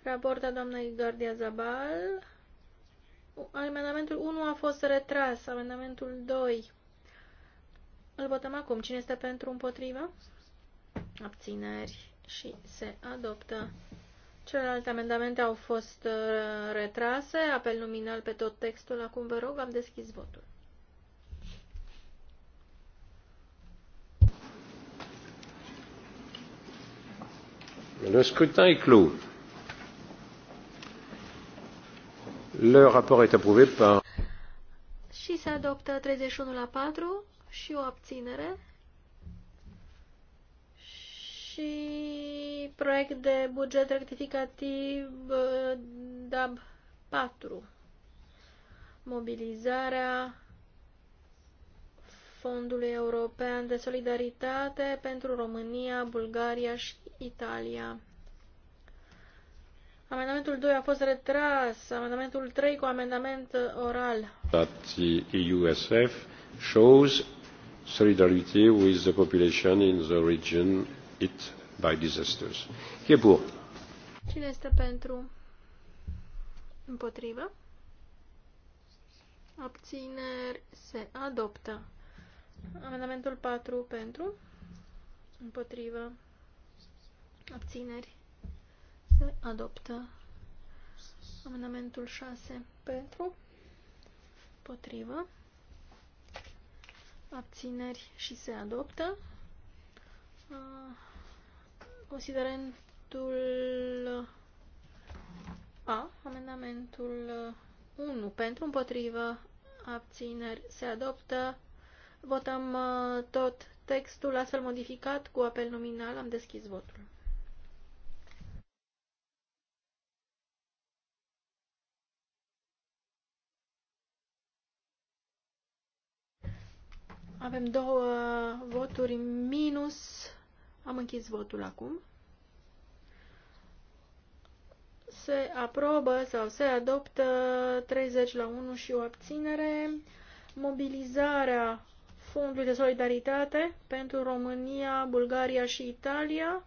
raporta doamnei Gardia Zabal. Amendamentul 1 a fost retras, amendamentul 2. Îl votăm acum. Cine este pentru împotriva? Abțineri și se adoptă. Celelalte amendamente au fost uh, retrase. Apel nominal pe tot textul. Acum vă rog, am deschis votul.
Le scrutin est clos. Le rapport est approuvé par...
Și se adoptă 31 la 4 și o abținere. Și proiect de buget rectificativ uh, DAB 4. Mobilizarea Fondului European de Solidaritate pentru România, Bulgaria și Italia. Amendamentul 2 a fost retras. Amendamentul 3 cu amendament oral.
That the EUSF shows solidarity with the population in the region hit by disasters. Qui est pour?
Cine este pentru? Împotrivă? Abțineri se adoptă. Amendamentul 4 pentru? Împotrivă? abțineri, se adoptă amendamentul 6 pentru, potrivă, abțineri și se adoptă. Considerentul A, amendamentul 1 pentru, împotrivă, abțineri, se adoptă. Votăm uh, tot textul astfel modificat cu apel nominal. Am deschis votul. Avem două voturi minus. Am închis votul acum. Se aprobă sau se adoptă 30 la 1 și o abținere. Mobilizarea Fondului de Solidaritate pentru România, Bulgaria și Italia.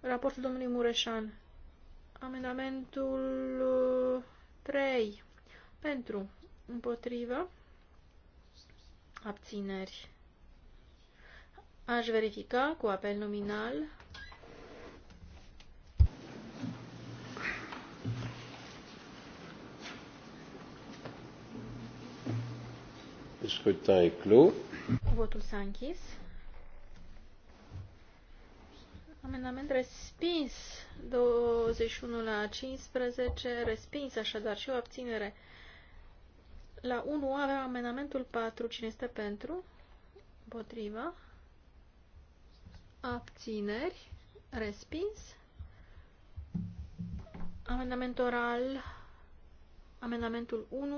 Raportul domnului Mureșan. Amendamentul 3. Pentru. Împotrivă abțineri. Aș verifica cu apel nominal.
Scrutin e clos.
Votul s-a închis. Amendament respins 21 la 15, respins așadar și o abținere. La 1 avem amendamentul 4. Cine este pentru? Potriva. Abțineri. Respins. Amendament oral. Amendamentul 1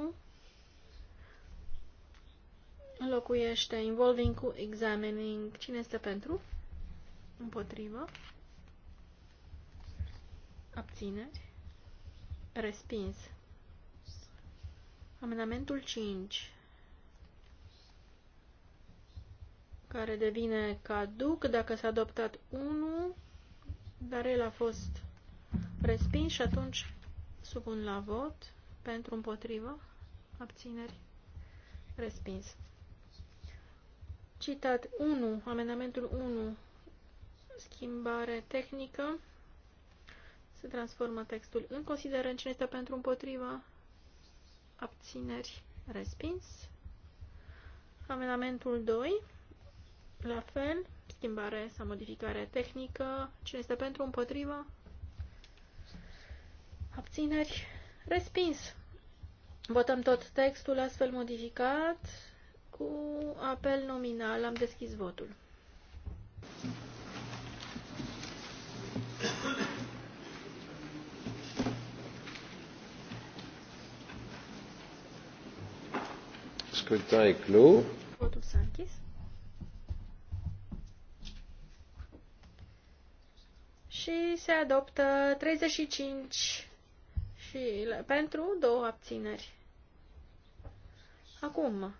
înlocuiește involving cu examining. Cine este pentru? Împotrivă. Abțineri. Respins. Amendamentul 5, care devine caduc dacă s-a adoptat 1, dar el a fost respins și atunci supun la vot pentru împotrivă, abțineri, respins. Citat 1, amendamentul 1, schimbare tehnică, se transformă textul în considerent cine este pentru împotriva, abțineri, respins. Amendamentul 2, la fel, schimbare sau modificare tehnică. Cine este pentru, împotrivă, abțineri, respins. Votăm tot textul astfel modificat cu apel nominal. Am deschis votul.
scrutin est clos.
Și se adoptă 35 și pentru două abțineri. Acum,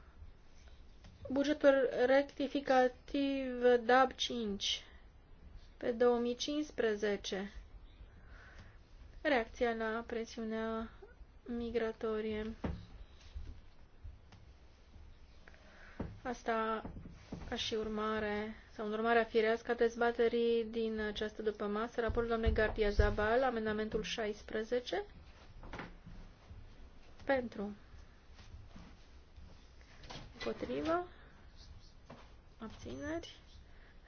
bugetul rectificativ DAB 5 pe 2015. Reacția la presiunea migratorie. Asta ca și urmare, sau în urmarea firească a dezbaterii din această după masă, raportul doamnei Gardia Zabal, amendamentul 16, pentru, împotriva, abțineri,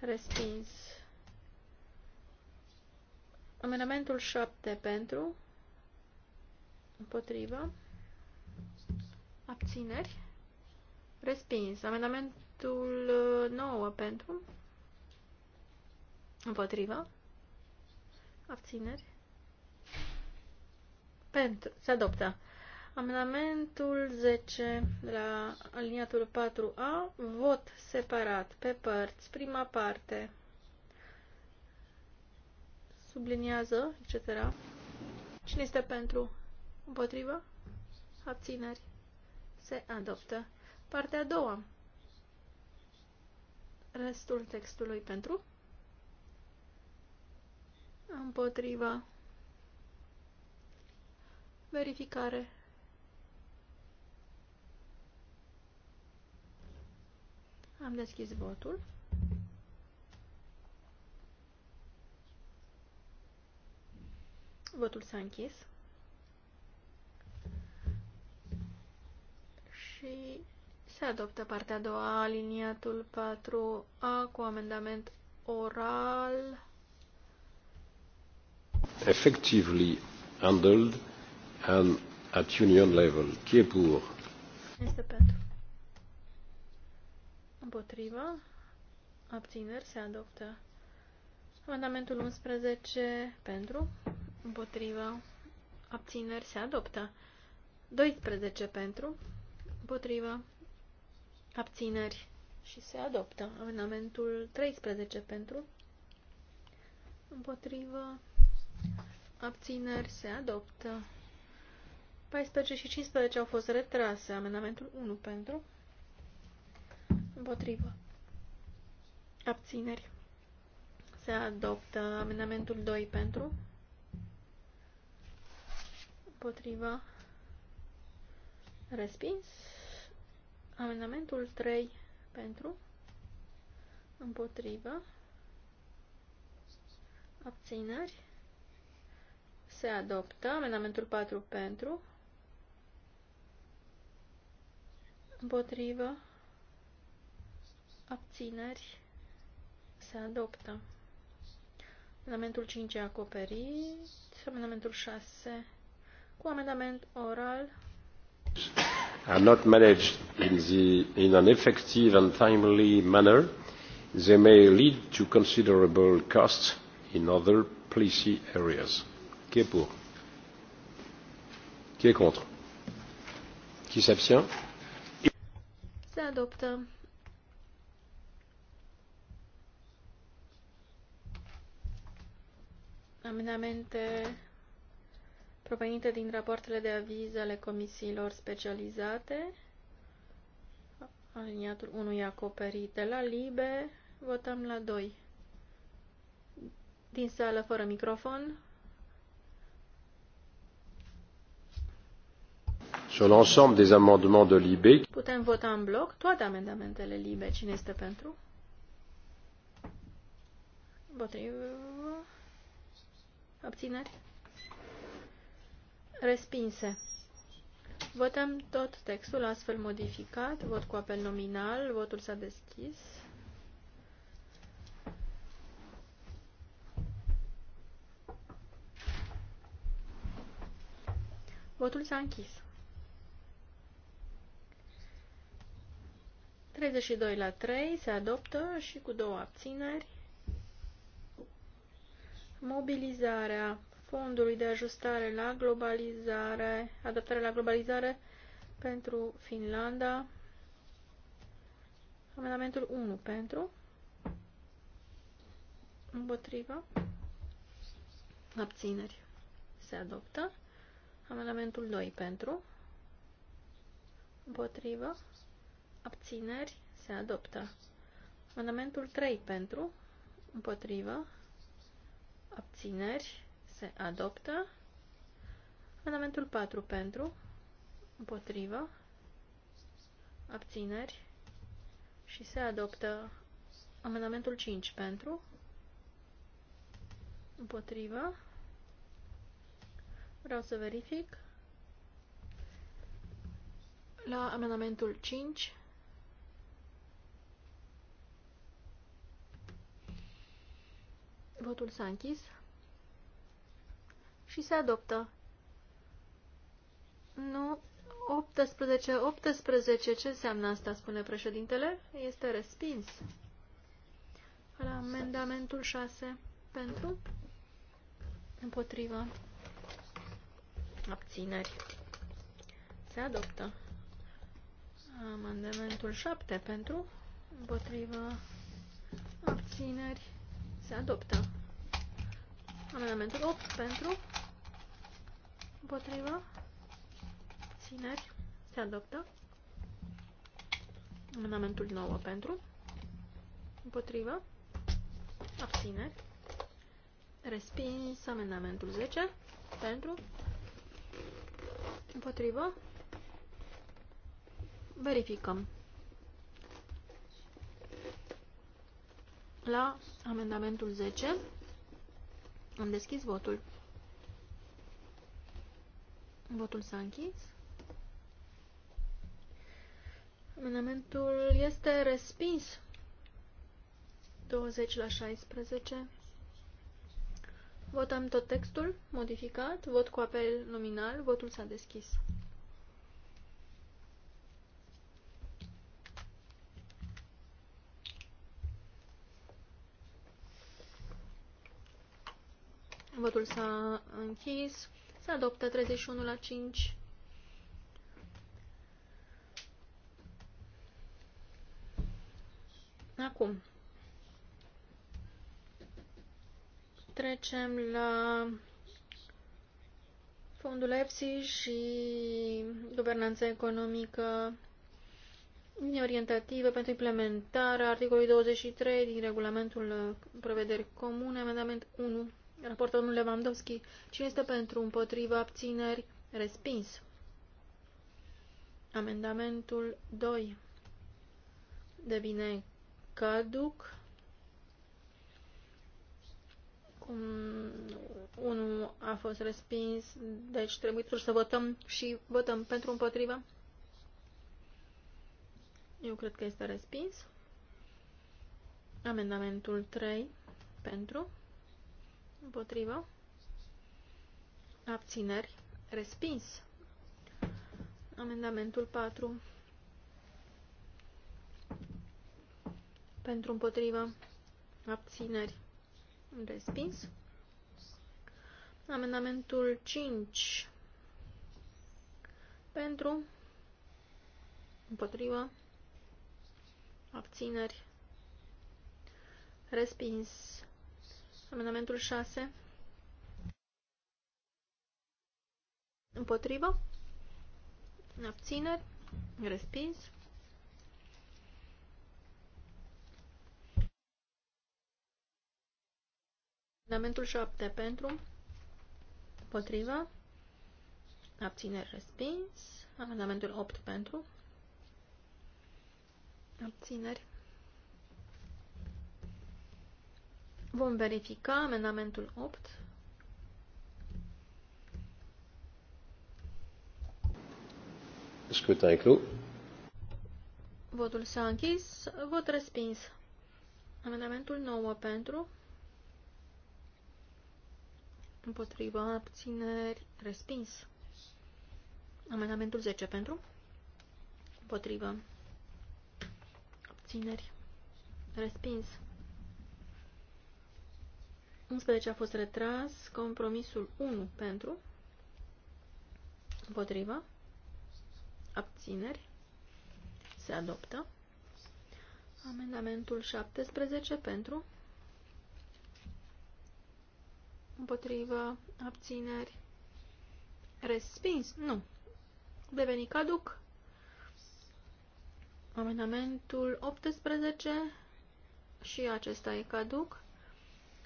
respins. Amendamentul 7 pentru, împotriva, abțineri, Respins. Amendamentul 9 uh, pentru. Împotrivă. Abțineri. Pentru. Se adoptă. Amendamentul 10 la aliniatul 4A, vot separat pe părți, prima parte, subliniază, etc. Cine este pentru? Împotrivă? Abțineri. Se adoptă. Partea a doua. Restul textului pentru. Împotriva. Verificare. Am deschis votul. Votul s-a închis. Și se adoptă partea a doua, aliniatul 4A cu amendament oral.
Effectively handled and at union level. Qui est pour?
Este pentru. Împotriva. Abțineri se adoptă. Amendamentul 11 pentru. Împotriva. Abțineri se adoptă. 12 pentru. Împotriva abțineri și se adoptă. Amendamentul 13 pentru, împotrivă, abțineri, se adoptă. 14 și 15 au fost retrase. Amendamentul 1 pentru, împotrivă, abțineri, se adoptă. Amendamentul 2 pentru, împotrivă respins. Amendamentul 3 pentru, împotrivă, abțineri, se adoptă. Amendamentul 4 pentru, împotrivă, abțineri, se adoptă. Amendamentul 5 acoperit, amendamentul 6 cu amendament oral
are not managed in, the, in an effective and timely manner, they may lead to considerable costs in other policy areas. Qui est pour Qui est contre Qui s'abstient
S'adopte. Amendamente provenite din rapoartele de aviz ale comisiilor specializate. Aliniatul 1 e acoperit de la LIBE. Votăm la 2. Din sală fără microfon.
Sur l'ensemble des amendements de LIBE.
Putem vota în bloc toate amendamentele LIBE. Cine este pentru? Împotrivă. Abțineri? Respinse. Votăm tot textul astfel modificat. Vot cu apel nominal. Votul s-a deschis. Votul s-a închis. 32 la 3 se adoptă și cu două abțineri. Mobilizarea Fondului de ajustare la globalizare, adaptare la globalizare pentru Finlanda. Amendamentul 1 pentru. Împotriva. Abțineri. Se adoptă. Amendamentul 2 pentru. Împotrivă. Abțineri. Se adoptă. Amendamentul 3 pentru. Împotrivă. Abțineri se adoptă. Amendamentul 4 pentru, împotrivă, abțineri și se adoptă amendamentul 5 pentru, împotrivă, vreau să verific, la amendamentul 5 votul s-a închis și se adoptă. Nu, 18, 18, ce înseamnă asta, spune președintele? Este respins. La amendamentul 6, pentru, împotriva, abțineri. Se adoptă. Amendamentul 7, pentru, împotriva, abțineri. Se adoptă. Amendamentul 8, pentru, împotriva, țineri, se adoptă. Amendamentul 9 pentru, împotriva, abțineri, respins. Amendamentul 10 pentru, împotriva, verificăm. La amendamentul 10 am deschis votul. Votul s-a închis. Amendamentul este respins. 20 la 16. Votăm tot textul modificat. Vot cu apel nominal. Votul s-a deschis. Votul s-a închis. Se adoptă 31 la 5. Acum. Trecem la fondul EPSI și guvernanța economică orientative pentru implementarea articolului 23 din regulamentul prevederi comune, amendament 1 Raportul domnul Lewandowski. Cine este pentru? împotriva Abțineri? Respins. Amendamentul 2 devine caduc. Cum unul a fost respins, deci trebuie să votăm și votăm pentru împotriva. Eu cred că este respins. Amendamentul 3 pentru Împotrivă. Abțineri. Respins. Amendamentul 4. Pentru împotrivă. Abțineri. Respins. Amendamentul 5. Pentru împotrivă. Abțineri. Respins. Amendamentul 6. Împotrivă. Abțineri. Respins. Amendamentul 7 pentru. Împotrivă. Abțineri respins. Amendamentul 8 pentru. Abțineri. Vom verifica amendamentul 8.
Scrutin clos.
Votul s-a închis. Vot respins. Amendamentul 9 pentru. Împotriva abțineri. Respins. Amendamentul 10 pentru. Împotriva abțineri. Respins. 11 a fost retras, compromisul 1 pentru, împotriva, abțineri, se adoptă. Amendamentul 17 pentru, împotriva, abțineri, respins, nu, deveni caduc. Amendamentul 18 și acesta e caduc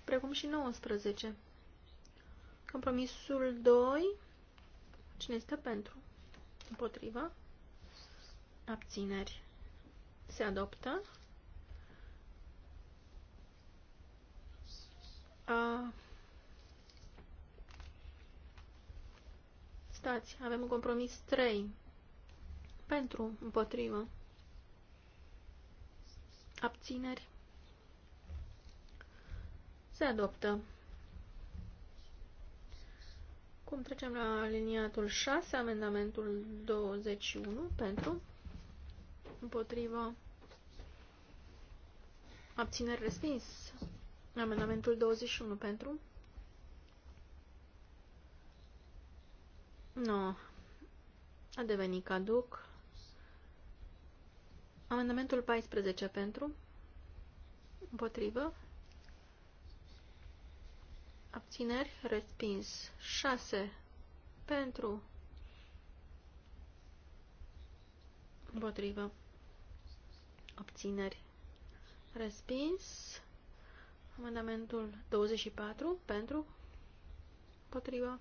precum și 19. Compromisul 2, cine este pentru? Împotriva. Abțineri. Se adoptă. A... Stați, avem un compromis 3. Pentru, împotrivă. Abțineri. Se adoptă. Cum trecem la aliniatul 6, amendamentul 21 pentru, împotriva, abțineri respins, amendamentul 21 pentru, nu, a devenit caduc, amendamentul 14 pentru, împotrivă, abțineri, respins. 6 pentru, împotrivă, abțineri, respins. Amendamentul 24 pentru, împotrivă,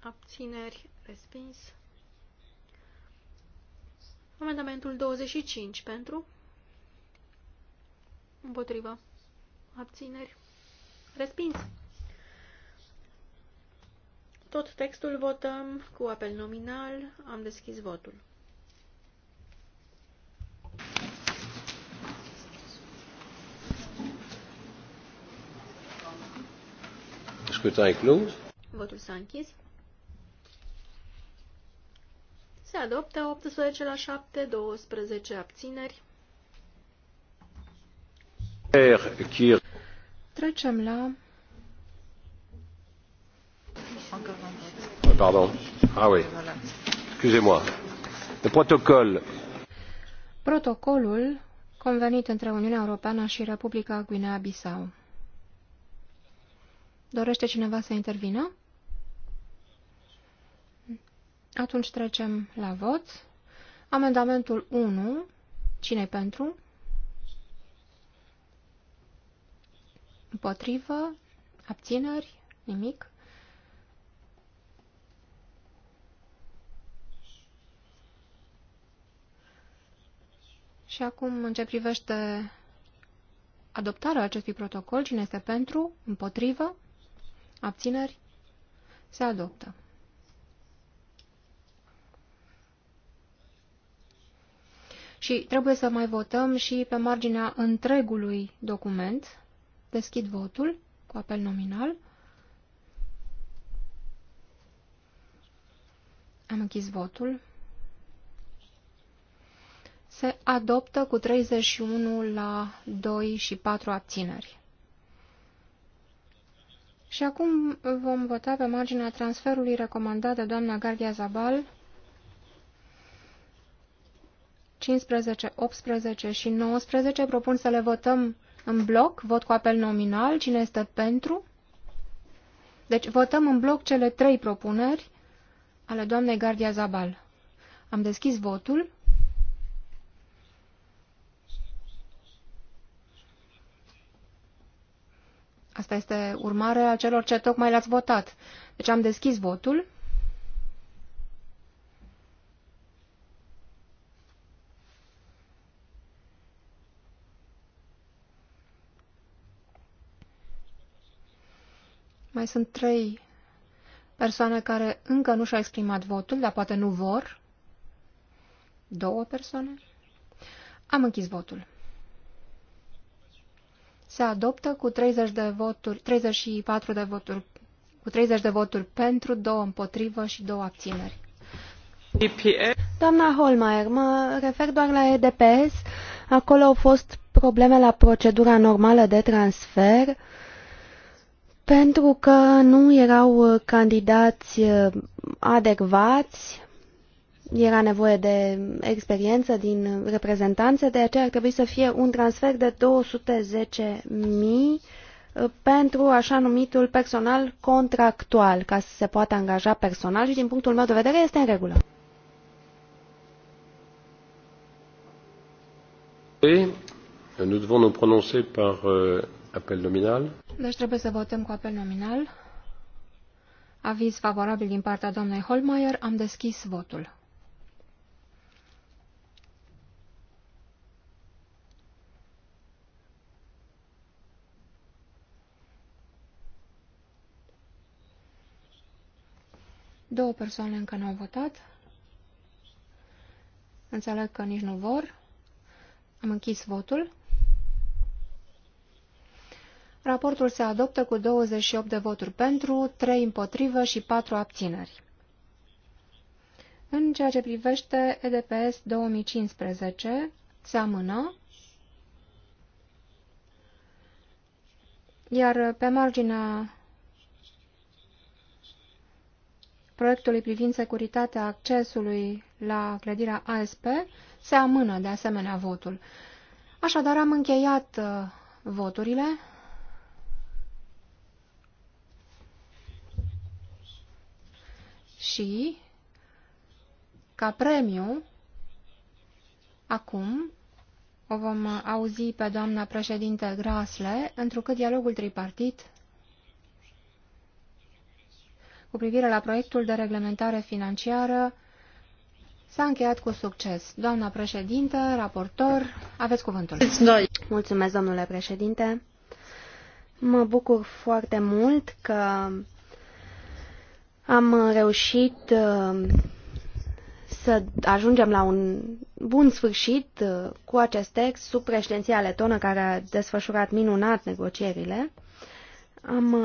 abțineri, respins. Amendamentul 25 pentru, împotrivă, abțineri, Respins. Tot textul votăm cu apel nominal. Am deschis votul.
Scrutin clos.
Votul s-a închis. Se adoptă 18 la 7, 12 abțineri. Trecem la...
Oh, pardon. Ah oui. Excusez-moi. Le protocol.
Protocolul convenit între Uniunea Europeană și Republica Guinea-Bissau. Dorește cineva să intervină? Atunci trecem la vot. Amendamentul 1. cine pentru? Împotrivă? Abțineri? Nimic? Și acum, în ce privește adoptarea acestui protocol, cine este pentru, împotrivă, abțineri, se adoptă. Și trebuie să mai votăm și pe marginea întregului document, Deschid votul cu apel nominal. Am închis votul. Se adoptă cu 31 la 2 și 4 abțineri. Și acum vom vota pe marginea transferului recomandat de doamna Gardia Zabal 15, 18 și 19. Propun să le votăm în bloc, vot cu apel nominal, cine este pentru? Deci votăm în bloc cele trei propuneri ale doamnei Gardia Zabal. Am deschis votul. Asta este urmarea celor ce tocmai l ați votat. Deci am deschis votul. Mai sunt trei persoane care încă nu și-au exprimat votul, dar poate nu vor. Două persoane. Am închis votul. Se adoptă cu 30 de voturi, 34 de voturi, cu 30 de voturi pentru, două împotrivă și două abțineri.
Doamna Holmeier, mă refer doar la EDPS. Acolo au fost probleme la procedura normală de transfer. Uh, pentru că nu erau uh, candidați uh, adecvați, era nevoie de experiență din reprezentanțe, de aceea ar trebui să fie un transfer de 210.000 uh, pentru așa numitul personal contractual, ca să se poată angaja personal și din punctul meu de vedere este în regulă.
Nous devons nous prononcer par euh, appel nominal.
Deci trebuie să votăm cu apel nominal. Aviz favorabil din partea doamnei Holmeier. Am deschis votul. Două persoane încă nu au votat. Înțeleg că nici nu vor. Am închis votul. Raportul se adoptă cu 28 de voturi pentru, 3 împotrivă și 4 abțineri. În ceea ce privește EDPS 2015, se amână, iar pe marginea proiectului privind securitatea accesului la clădirea ASP, se amână de asemenea votul. Așadar, am încheiat uh, voturile. și, ca premiu, acum o vom auzi pe doamna președinte Grasle, întrucât dialogul tripartit cu privire la proiectul de reglementare financiară s-a încheiat cu succes. Doamna președinte, raportor,
aveți cuvântul. Mulțumesc, domnule președinte. Mă bucur foarte mult că am uh, reușit uh, să ajungem la un bun sfârșit uh, cu acest text sub președinția letonă care a desfășurat minunat negocierile. Am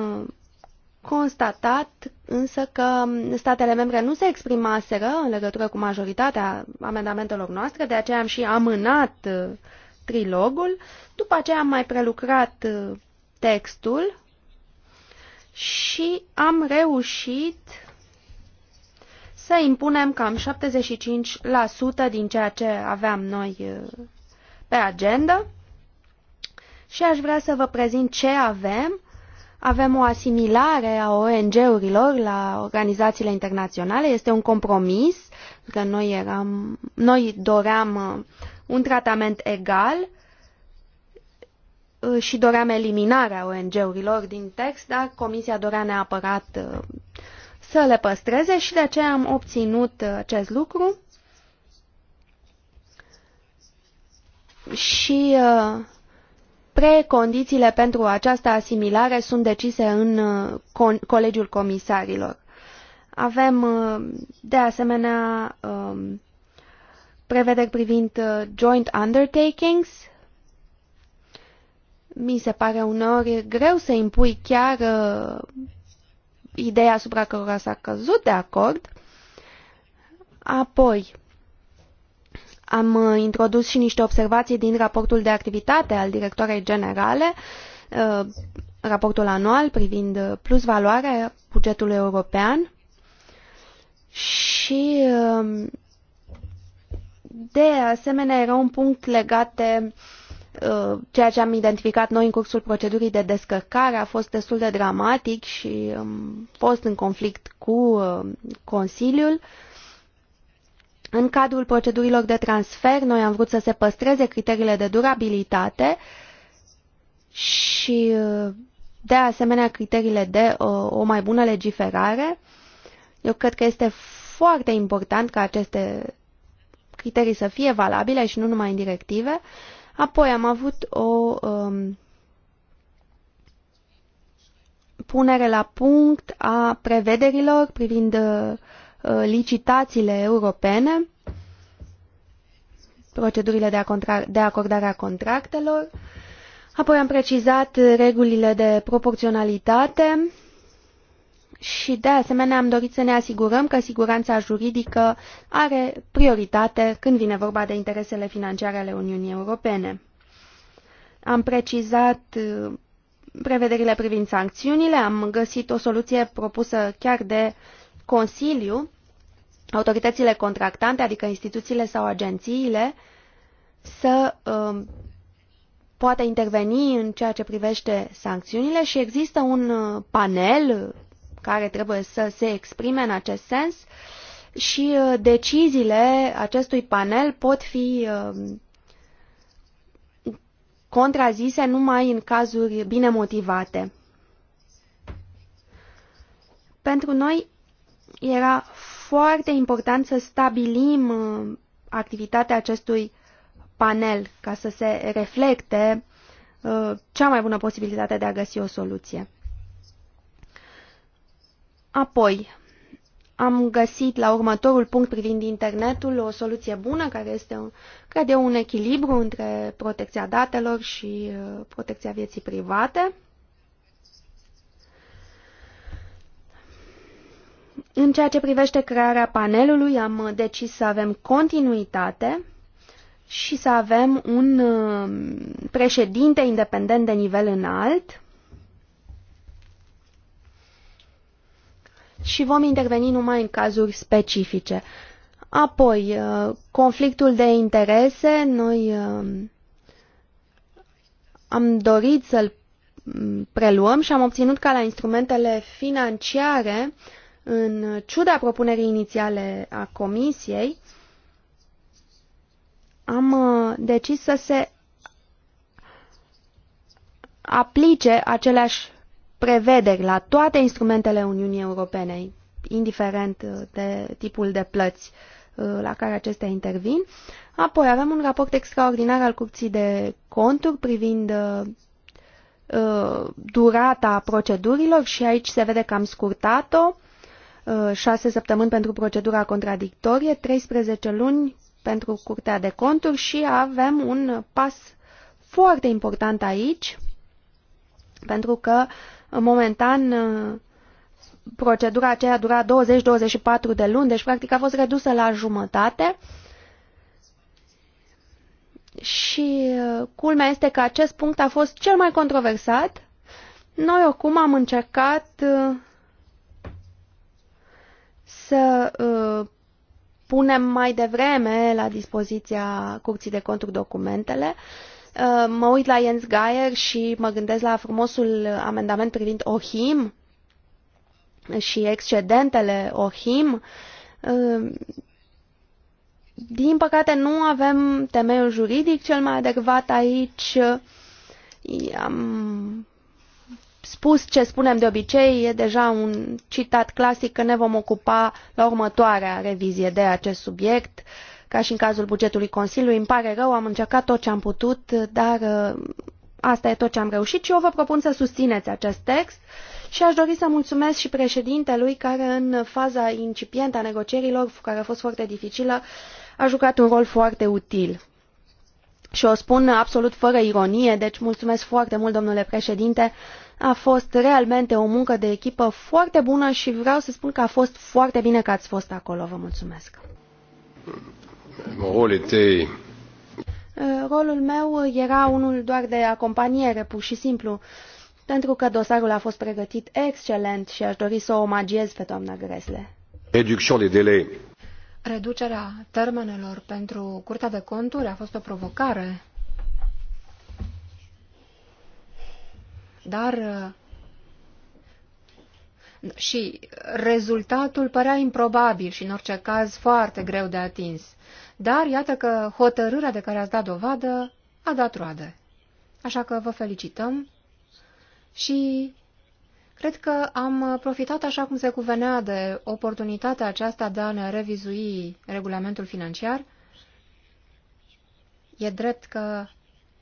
constatat însă că statele membre nu se exprimaseră în legătură cu majoritatea amendamentelor noastre, de aceea am și amânat trilogul. După aceea am mai prelucrat textul și am reușit să impunem cam 75% din ceea ce aveam noi uh, pe agenda și aș vrea să vă prezint ce avem. Avem o asimilare a ONG-urilor la organizațiile internaționale, este un compromis, că noi, eram, noi doream uh, un tratament egal și doream eliminarea ONG-urilor din text, dar Comisia dorea neapărat uh, să le păstreze și de aceea am obținut uh, acest lucru. Și uh, precondițiile pentru această asimilare sunt decise în Colegiul Comisarilor. Avem de asemenea um, prevederi privind joint undertakings, mi se pare uneori greu să impui chiar uh, ideea asupra cărora s-a căzut de acord. Apoi, am uh, introdus și niște observații din raportul de activitate al directorei generale, uh, raportul anual privind uh, plus valoarea bugetului european și de asemenea era un punct legat de Uh, ceea ce am identificat noi în cursul procedurii de descărcare a fost destul de dramatic și am fost în conflict cu uh, Consiliul. În cadrul procedurilor de transfer, noi am vrut să se păstreze criteriile de durabilitate și, uh, de asemenea, criteriile de o mai bună legiferare. Eu cred că este foarte important ca aceste criterii să fie valabile și nu numai în directive. Uh, Apoi am avut o um, punere la punct a prevederilor privind uh, uh licitațiile europene, procedurile de, de acordare a contractelor. Apoi am precizat regulile de proporționalitate și de asemenea am dorit să ne asigurăm că siguranța juridică are prioritate când vine vorba de interesele financiare ale Uniunii Europene. Am precizat uh, prevederile privind sancțiunile, am găsit o soluție propusă chiar de Consiliu, autoritățile contractante, adică instituțiile sau agențiile, să uh, poate interveni în ceea ce privește sancțiunile și există un uh, panel care trebuie să se exprime în acest sens și uh, deciziile acestui panel pot fi uh, contrazise numai în cazuri bine motivate. Pentru noi era foarte important să stabilim uh, activitatea acestui panel ca să se reflecte cea mai bună posibilitate de a găsi o soluție. Apoi, am găsit la următorul punct privind internetul o soluție bună care este, cred eu, un echilibru între protecția datelor și uh, protecția vieții private. În ceea ce privește crearea panelului, am decis să avem continuitate și să avem un uh, președinte independent de nivel înalt și vom interveni numai în cazuri specifice. Apoi, uh, conflictul de interese, noi uh, am dorit să-l mm, preluăm și am obținut ca la instrumentele financiare, în ciuda propunerii inițiale a comisiei, am uh, decis să se aplice aceleași prevederi la toate instrumentele Uniunii Europene, indiferent uh, de tipul de plăți uh, la care acestea intervin. Apoi avem un raport extraordinar al Curții de Conturi privind uh, durata procedurilor și aici se vede că am scurtat-o. 6 săptămâni pentru procedura contradictorie, 13 luni pentru Curtea de Conturi și avem un pas foarte important aici, pentru că Momentan, uh, procedura aceea dura 20-24 de luni, deci practic a fost redusă la jumătate. Și uh, culmea este că acest punct a fost cel mai controversat. Noi oricum am încercat uh, să punem mai devreme la dispoziția Curții de Conturi documentele Uh, mă uit la Jens Geier și mă gândesc la frumosul amendament privind OHIM și excedentele OHIM. Uh, din păcate nu avem temeiul juridic cel mai adecvat aici. Am spus ce spunem de obicei, e deja un citat clasic că ne vom ocupa la următoarea revizie de acest subiect. Uh, ca și în cazul bugetului Consiliului, îmi pare rău, am încercat tot ce am putut, dar uh, asta e tot ce am reușit și eu vă propun să susțineți acest text și aș dori să mulțumesc și președintelui care în faza incipientă a negocierilor, care a fost foarte dificilă, a jucat un rol foarte util. Și o spun absolut fără ironie, deci mulțumesc foarte mult, domnule președinte. A fost realmente o muncă de echipă foarte bună și vreau să spun că a fost foarte bine că ați fost acolo. Vă mulțumesc. Eh, rolul meu era unul doar de acompaniere, pur și simplu, pentru că dosarul a fost pregătit excelent și aș dori să o omagiez pe doamna Gresle.
Reducerea termenelor pentru Curtea de Conturi a fost o provocare, dar eh, și rezultatul părea improbabil și în orice caz foarte greu de atins. Dar iată că hotărârea de care ați dat dovadă a dat roade. Așa că vă felicităm și cred că am profitat așa cum se cuvenea de oportunitatea aceasta de a ne revizui regulamentul financiar. E drept că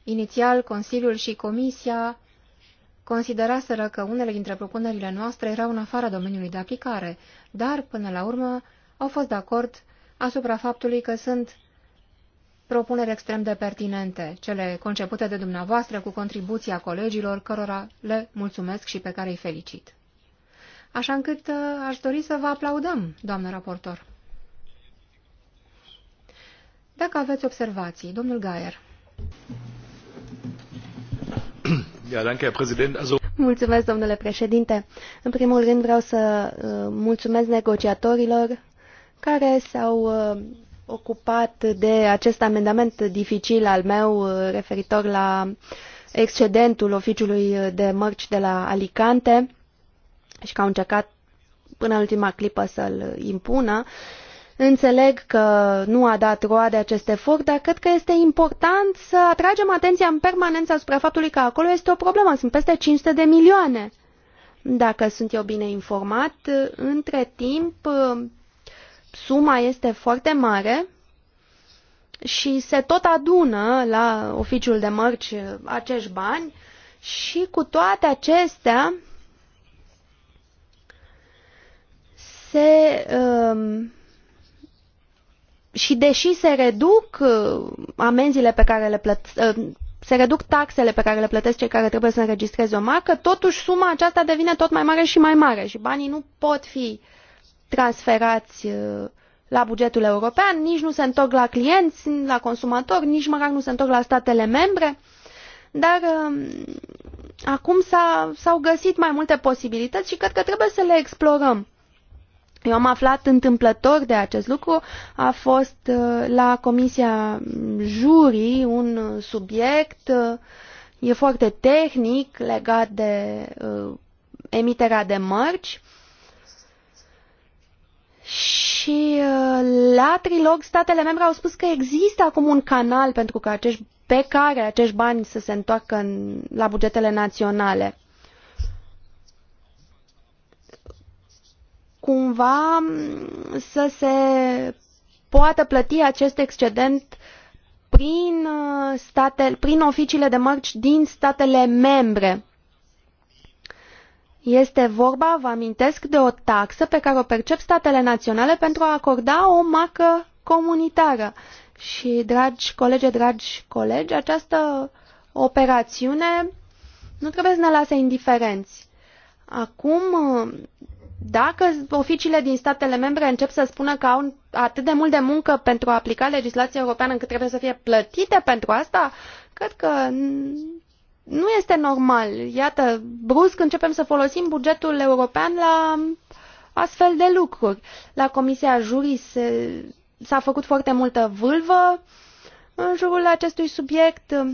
inițial Consiliul și Comisia consideraseră că unele dintre propunerile noastre erau în afara domeniului de aplicare, dar, până la urmă, au fost de acord asupra faptului că sunt propuneri extrem de pertinente, cele concepute de dumneavoastră cu contribuția colegilor cărora le mulțumesc și pe care îi felicit. Așa încât uh, aș dori să vă aplaudăm, doamnă raportor. Dacă aveți observații, domnul Gaier.
Mulțumesc, domnule președinte. În primul rând vreau să uh, mulțumesc negociatorilor care s-au uh, ocupat de acest amendament dificil al meu uh, referitor la excedentul oficiului de mărci de la Alicante și că au încercat până în ultima clipă să-l impună. Uh, Înțeleg că nu a dat roade acest efort, dar cred că este important să atragem atenția în permanență asupra faptului că acolo este o problemă. Sunt peste 500 de milioane. Dacă sunt eu bine informat, între timp suma este foarte mare și se tot adună la oficiul de mărci acești bani și cu toate acestea se uh, și deși se reduc uh, amenziile pe care le plătesc, uh, se reduc taxele pe care le plătesc cei care trebuie să înregistreze o marcă, totuși suma aceasta devine tot mai mare și mai mare și banii nu pot fi transferați uh, la bugetul european, nici nu se întorc la clienți, la consumatori, nici măcar nu se întorc la statele membre, dar um, acum s-au găsit mai multe posibilități și cred că trebuie să le explorăm eu am aflat întâmplător de acest lucru. A fost uh, la comisia jurii un uh, subiect, uh, e foarte tehnic legat de emiterea de mărci. Și la trilog statele membre au spus că există acum un canal pentru că acești, pe care acești bani să se întoarcă în, la bugetele naționale. cumva să se poată plăti acest excedent prin, uh, state, prin oficiile de mărci din statele membre. Este vorba, vă amintesc, de o taxă pe care o percep statele naționale pentru a acorda o marcă comunitară. Și, dragi colegi, dragi colegi, această operațiune nu trebuie să ne lase indiferenți. Acum, uh, dacă oficiile din statele membre încep să spună că au atât de mult de muncă pentru a aplica legislația europeană încât trebuie să fie plătite pentru asta, cred că nu este normal. Iată, brusc începem să folosim bugetul european la astfel de lucruri. La Comisia Juris se, s-a făcut foarte multă vâlvă în jurul acestui subiect. Uh,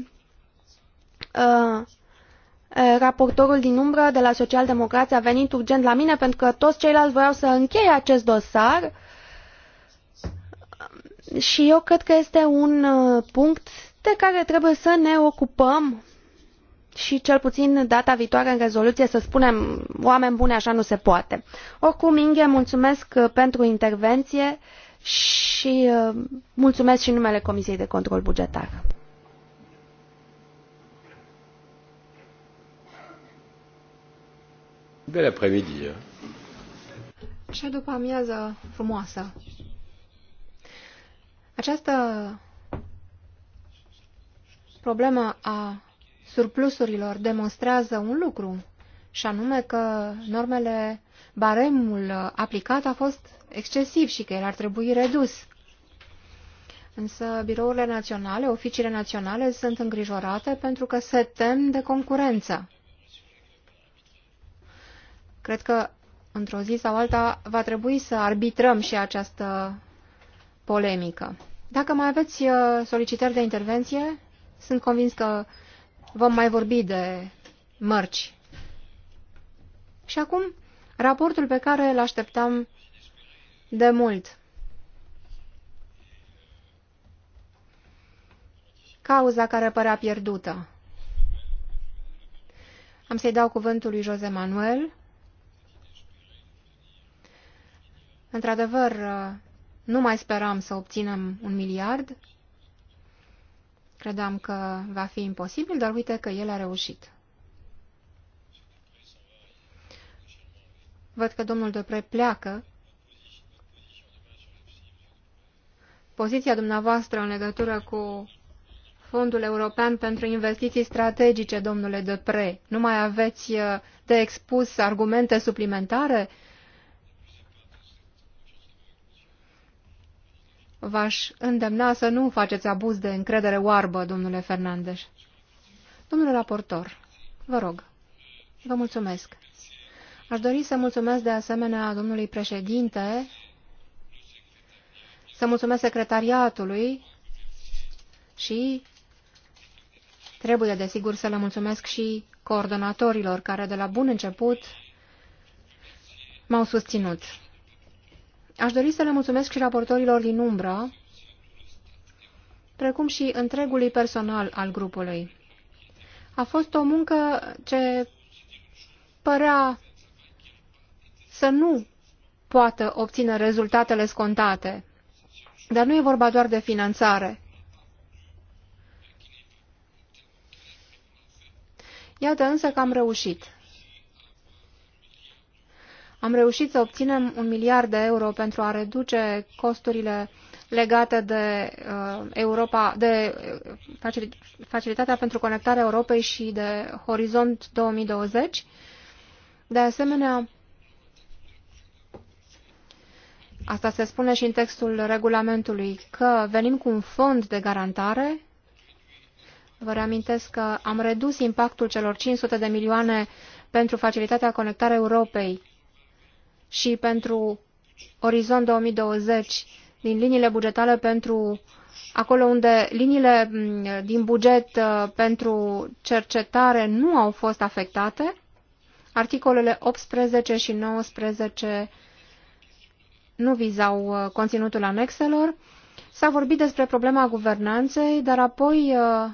Eh, raportorul din umbră de la social Democrați a venit urgent la mine pentru că toți ceilalți voiau să încheie acest dosar și eu cred că este un eh, punct de care trebuie să ne ocupăm și cel puțin data viitoare în rezoluție să spunem oameni buni așa nu se poate. Oricum, Inge, mulțumesc eh, pentru intervenție și mulțumesc și numele Comisiei de Control Bugetar.
Bel après-midi.
Și după amiază frumoasă. Această problemă a surplusurilor demonstrează un lucru, și anume că normele, baremul aplicat a fost excesiv și că el ar trebui redus. Însă birourile naționale, oficiile naționale sunt îngrijorate pentru că se tem de concurență. Cred că într-o zi sau alta va trebui să arbitrăm și această polemică. Dacă mai aveți uh, solicitări de intervenție, sunt convins că vom mai vorbi de mărci. Și acum, raportul pe care îl așteptam de mult. Cauza care părea pierdută. Am să-i dau cuvântul lui Jose Manuel Într-adevăr, nu mai speram să obținem un miliard. Credeam că va fi imposibil, dar uite că el a reușit. Văd că domnul pre pleacă. Poziția dumneavoastră în legătură cu Fondul European pentru Investiții Strategice, domnule pre, nu mai aveți uh, de expus argumente suplimentare? v-aș îndemna să nu faceți abuz de încredere oarbă, domnule Fernandez. Domnule raportor, vă rog, vă mulțumesc. Aș dori să mulțumesc de asemenea domnului președinte, să mulțumesc secretariatului și trebuie, desigur, să le mulțumesc și coordonatorilor care de la bun început m-au susținut. Aș dori să le mulțumesc și raportorilor din umbră, precum și întregului personal al grupului. A fost o muncă ce părea să nu poată obține rezultatele scontate. Dar nu e vorba doar de finanțare. Iată însă că am reușit. Am reușit să obținem un miliard de euro pentru a reduce costurile legate de uh, Europa, de uh, facilitatea pentru conectarea Europei și de Horizont 2020. De asemenea, asta se spune și în textul regulamentului, că venim cu un fond de garantare. Vă reamintesc că am redus impactul celor 500 de milioane pentru facilitatea conectarea Europei și pentru Orizont 2020 din liniile bugetale pentru acolo unde liniile mm, din buget uh, pentru cercetare nu au fost afectate, articolele 18 și 19 nu vizau uh, conținutul anexelor. S-a vorbit despre problema guvernanței, dar apoi uh,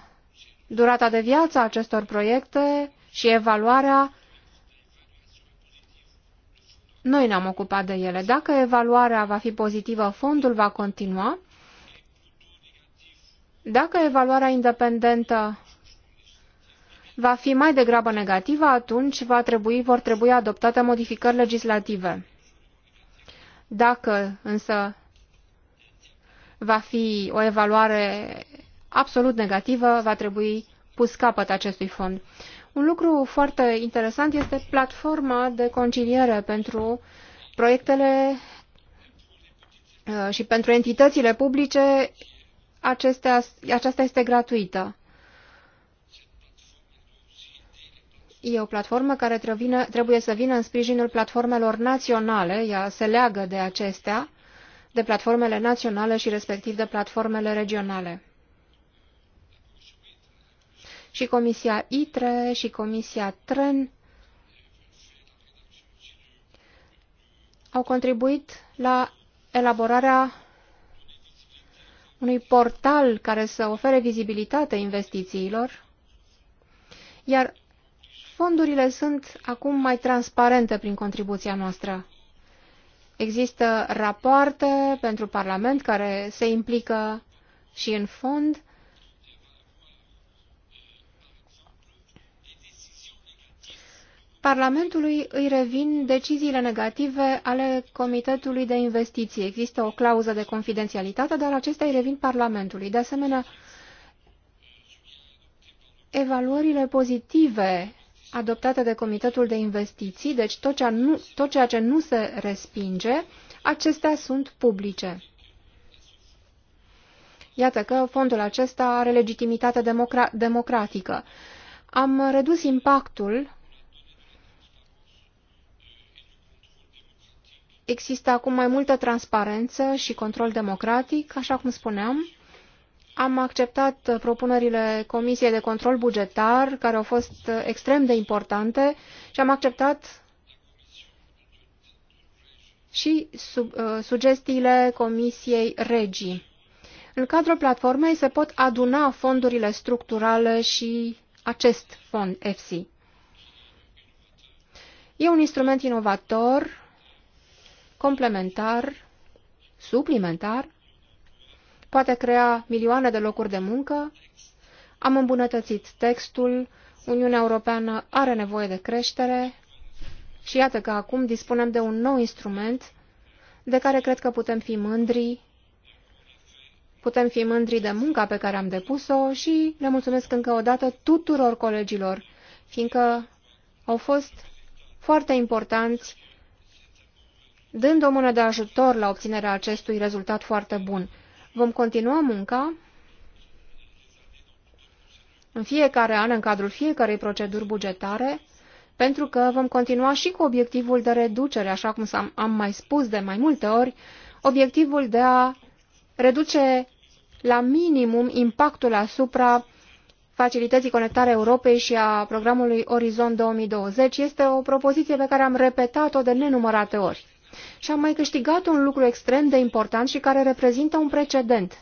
durata de viață a acestor proiecte și evaluarea noi ne-am ocupat de ele. Dacă evaluarea va fi pozitivă, fondul va continua. Dacă evaluarea independentă va fi mai degrabă negativă, atunci va trebui, vor trebui adoptate modificări legislative. Dacă însă va fi o evaluare absolut negativă, va trebui pus capăt acestui fond. Un lucru foarte interesant este platforma de conciliere pentru proiectele uh, și pentru entitățile publice acestea, aceasta este gratuită. E o platformă care trebuie, trebuie să vină în sprijinul platformelor naționale, ea se leagă de acestea, de platformele naționale și respectiv de platformele regionale și Comisia ITRE și Comisia TREN au contribuit la elaborarea unui portal care să ofere vizibilitate investițiilor, iar fondurile sunt acum mai transparente prin contribuția noastră. Există rapoarte pentru Parlament care se implică și în fond Parlamentului îi revin deciziile negative ale Comitetului de Investiții. Există o clauză de confidențialitate, dar acestea îi revin Parlamentului. De asemenea, evaluările pozitive adoptate de Comitetul de Investiții, deci tot ceea, nu, tot ceea ce nu se respinge, acestea sunt publice. Iată că fondul acesta are legitimitate democra democratică. Am redus impactul Există acum mai multă transparență și control democratic, așa cum spuneam. Am acceptat propunerile Comisiei de Control Bugetar, care au fost extrem de importante, și am acceptat și sub, uh, sugestiile Comisiei Regii. În cadrul platformei se pot aduna fondurile structurale și acest fond EFSI. E un instrument inovator complementar, suplimentar, poate crea milioane de locuri de muncă. Am îmbunătățit textul, Uniunea Europeană are nevoie de creștere și iată că acum dispunem de un nou instrument de care cred că putem fi mândri, putem fi mândri de munca pe care am depus-o și le mulțumesc încă o dată tuturor colegilor, fiindcă au fost foarte importanți dând o mână de ajutor la obținerea acestui rezultat foarte bun. Vom continua munca în fiecare an, în cadrul fiecarei proceduri bugetare, pentru că vom continua și cu obiectivul de reducere, așa cum am mai spus de mai multe ori, obiectivul de a reduce la minimum impactul asupra facilității conectarea Europei și a programului Orizont 2020 este o propoziție pe care am repetat-o de nenumărate ori. Și am mai câștigat un lucru extrem de important și care reprezintă un precedent.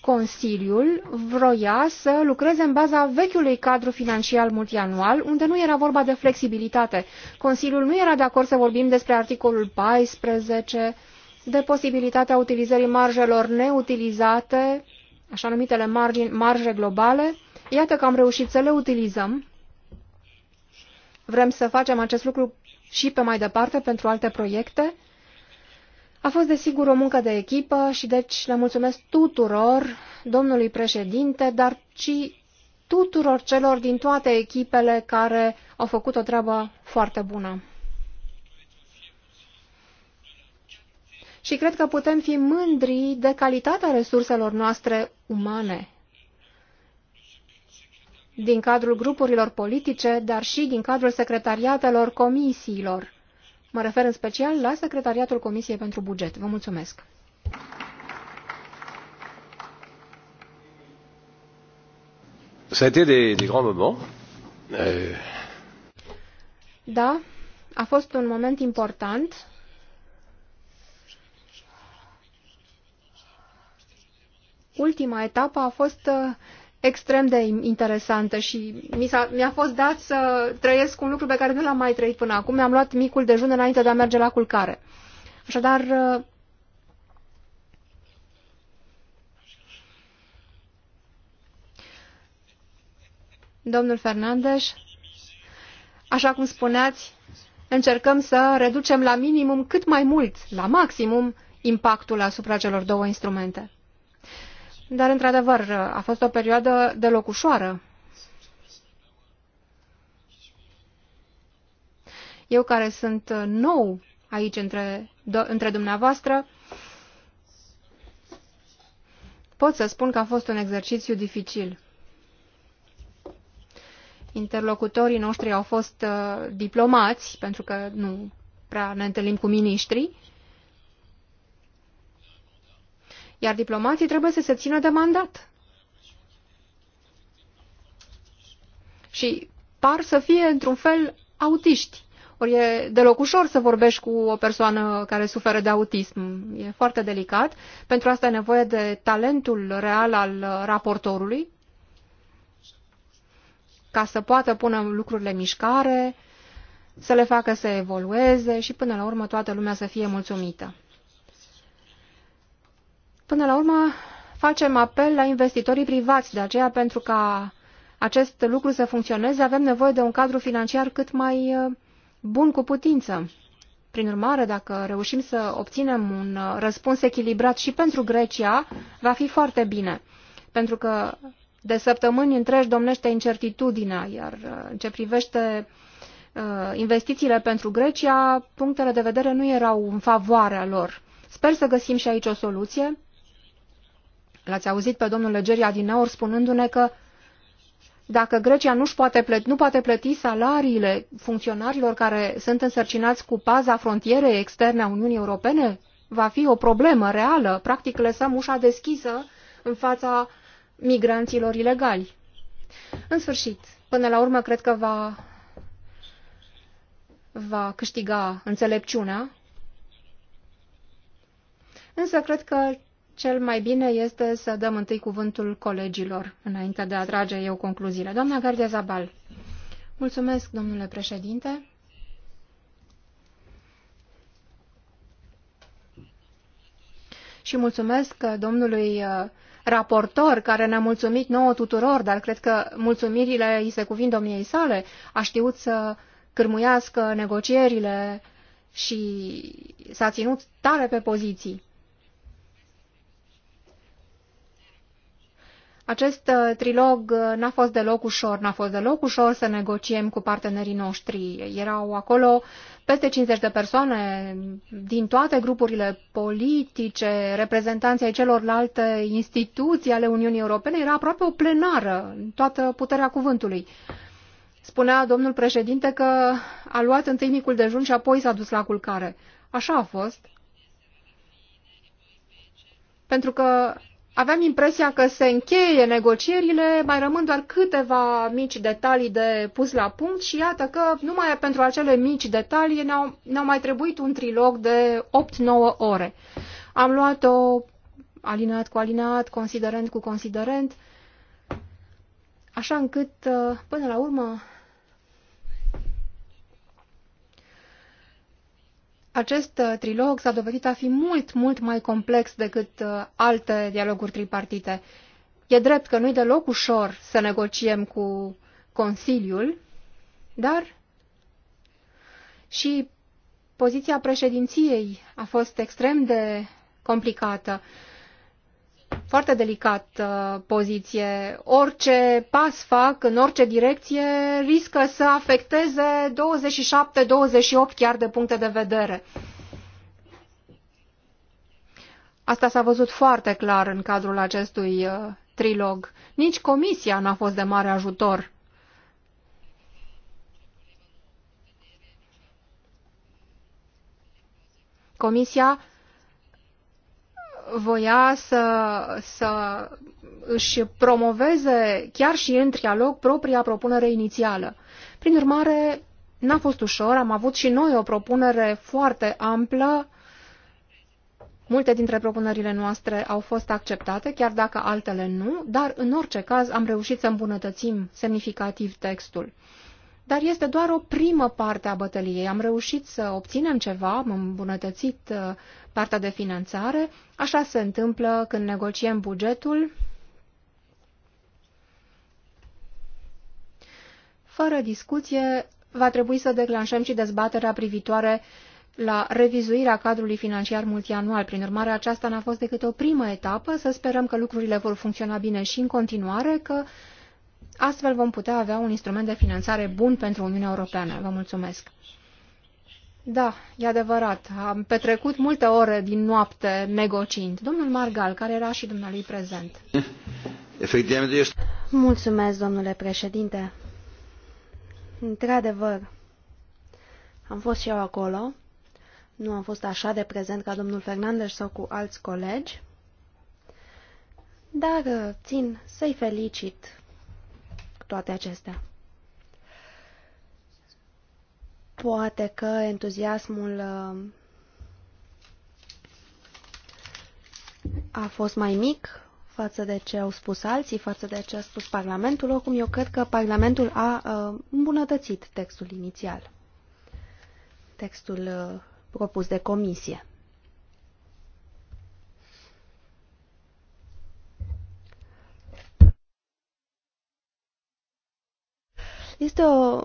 Consiliul vroia să lucreze în baza vechiului cadru financiar multianual, unde nu era vorba de flexibilitate. Consiliul nu era de acord să vorbim despre articolul 14, de posibilitatea utilizării marjelor neutilizate, așa numitele margini, marje globale. Iată că am reușit să le utilizăm. Vrem să facem acest lucru și pe mai departe pentru alte proiecte. A fost, desigur, o muncă de echipă și deci le mulțumesc tuturor, domnului președinte, dar și tuturor celor din toate echipele care au făcut o treabă foarte bună. Și cred că putem fi mândri de calitatea resurselor noastre umane din cadrul grupurilor politice, dar și din cadrul secretariatelor comisiilor. Mă refer în special la Secretariatul Comisiei pentru Buget. Vă mulțumesc!
Ça
a été des, des grands moments. Euh...
Da, a fost un moment important. Ultima etapă a fost extrem de interesantă și mi, a mi fost dat să trăiesc un lucru pe care nu l-am mai trăit până acum. Mi-am luat micul dejun înainte de a merge la culcare. Așadar, domnul Fernandes, așa cum spuneați, încercăm să reducem la minimum cât mai mult, la maximum, impactul asupra celor două instrumente. Dar, într-adevăr, a fost o perioadă deloc ușoară. Eu care sunt nou aici între, do, între dumneavoastră, pot să spun că a fost un exercițiu dificil. Interlocutorii noștri au fost uh, diplomați, pentru că nu prea ne întâlnim cu miniștrii, iar diplomații trebuie să se țină de mandat. Și par să fie, într-un fel, autiști. Ori e deloc ușor să vorbești cu o persoană care suferă de autism. E foarte delicat. Pentru asta e nevoie de talentul real al raportorului ca să poată pune lucrurile în mișcare, să le facă să evolueze și până la urmă toată lumea să fie mulțumită. Până la urmă, facem apel la investitorii privați, de aceea pentru ca acest lucru să funcționeze, avem nevoie de un cadru financiar cât mai uh, bun cu putință. Prin urmare, dacă reușim să obținem un uh, răspuns echilibrat și pentru Grecia, va fi foarte bine, pentru că de săptămâni întregi domnește incertitudinea, iar uh, în ce privește investițiile pentru Grecia, punctele de vedere nu erau în favoarea lor. Sper să găsim și aici o soluție L-ați auzit pe domnul Legeria din aur spunându-ne că dacă Grecia nu, poate plăti, nu poate plăti salariile funcționarilor care sunt însărcinați cu paza frontierei externe a Uniunii Europene, va fi o problemă reală. Practic lăsăm ușa deschisă în fața migranților ilegali. În sfârșit, până la urmă, cred că va, va câștiga înțelepciunea. Însă cred că cel mai bine este să dăm întâi cuvântul colegilor, înainte de a trage eu concluziile. Doamna Gardia Zabal. Mulțumesc, domnule președinte. Și mulțumesc domnului uh, raportor care ne-a mulțumit nouă tuturor, dar cred că mulțumirile îi se cuvin domniei sale. A știut să cârmuiască negocierile și s-a ținut tare pe poziții. Acest uh, trilog uh, n-a fost deloc ușor, n-a fost deloc ușor să negociem cu partenerii noștri. Erau acolo peste 50 de persoane din toate grupurile politice, reprezentanții ai celorlalte instituții ale Uniunii Europene, era aproape o plenară, toată puterea cuvântului. Spunea domnul președinte că a luat întâi micul dejun și apoi s-a dus la culcare. Așa a fost. Pentru că aveam impresia că se încheie negocierile, mai rămân doar câteva mici detalii de pus la punct și iată că numai pentru acele mici detalii ne-au, ne mai trebuit un trilog de 8-9 ore. Am luat-o alinat cu alinat, considerent cu considerent, așa încât, uh, până la urmă, Acest uh, trilog s-a dovedit a fi mult, mult mai complex decât uh, alte dialoguri tripartite. E drept că nu-i deloc ușor să negociem cu Consiliul, dar și poziția președinției a fost extrem de complicată foarte delicată uh, poziție. Orice pas fac în orice direcție riscă să afecteze 27-28 chiar de puncte de vedere. Asta s-a văzut foarte clar în cadrul acestui uh, trilog. Nici comisia n-a fost de mare ajutor. Comisia voia să, să își promoveze chiar și în trialog propria propunere inițială. Prin urmare, n-a fost ușor, am avut și noi o propunere foarte amplă. Multe dintre propunerile noastre au fost acceptate, chiar dacă altele nu, dar în orice caz am reușit să îmbunătățim semnificativ textul dar este doar o primă parte a bătăliei. Am reușit să obținem ceva, am îmbunătățit uh, partea de finanțare. Așa se întâmplă când negociem bugetul, Fără discuție, va trebui să declanșăm și dezbaterea privitoare la revizuirea cadrului financiar multianual. Prin urmare, aceasta n-a fost decât o primă etapă. Să sperăm că lucrurile vor funcționa bine și în continuare, că Astfel vom putea avea un instrument de finanțare bun pentru Uniunea Europeană. Vă mulțumesc! Da, e adevărat. Am petrecut multe ore din noapte negociind. Domnul
Margal, care era și dumnealui prezent. Mulțumesc, domnule președinte. Într-adevăr, am fost și eu acolo. Nu am fost așa de prezent ca domnul Fernandes sau cu alți colegi. Dar țin să-i felicit toate acestea. Poate că entuziasmul uh, a fost mai mic față de ce au spus alții, față de ce a spus Parlamentul, oricum eu cred că Parlamentul a uh, îmbunătățit textul inițial, textul uh, propus de comisie. Este o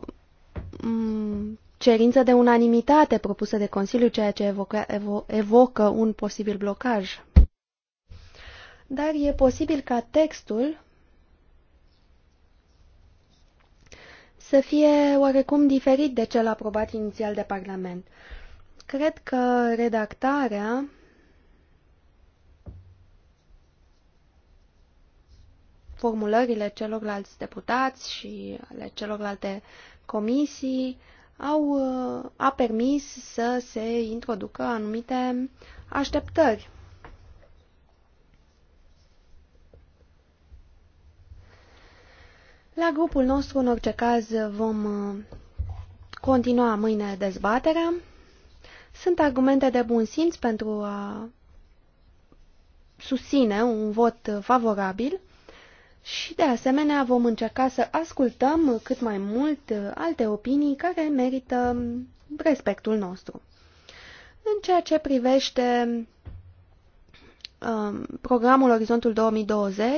mm, cerință de unanimitate propusă de Consiliu, ceea ce evoca, evo, evocă un posibil blocaj. Dar e posibil ca textul să fie oarecum diferit de cel aprobat inițial de Parlament. Cred că redactarea formulările celorlalți deputați și ale celorlalte comisii au, uh, a permis să se introducă anumite așteptări. La grupul nostru, în orice caz, vom uh, continua mâine dezbaterea. Sunt argumente de bun simț pentru a susține un vot favorabil și de asemenea vom încerca să ascultăm cât mai mult uh, alte opinii care merită um, respectul nostru. În ceea ce privește um, programul Orizontul 2020,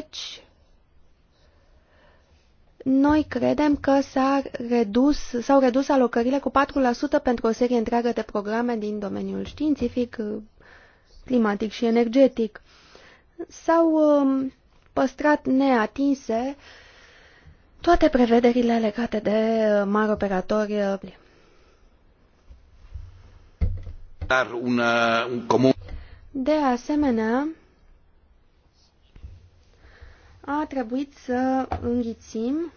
noi credem că s-au redus, redus alocările cu 4% pentru o serie întreagă de programe din domeniul științific, uh, climatic și energetic. S-au um, păstrat neatinse toate prevederile legate de uh, mari operatori. Uh,
Dar un, uh, un comun...
De asemenea, a trebuit să înghițim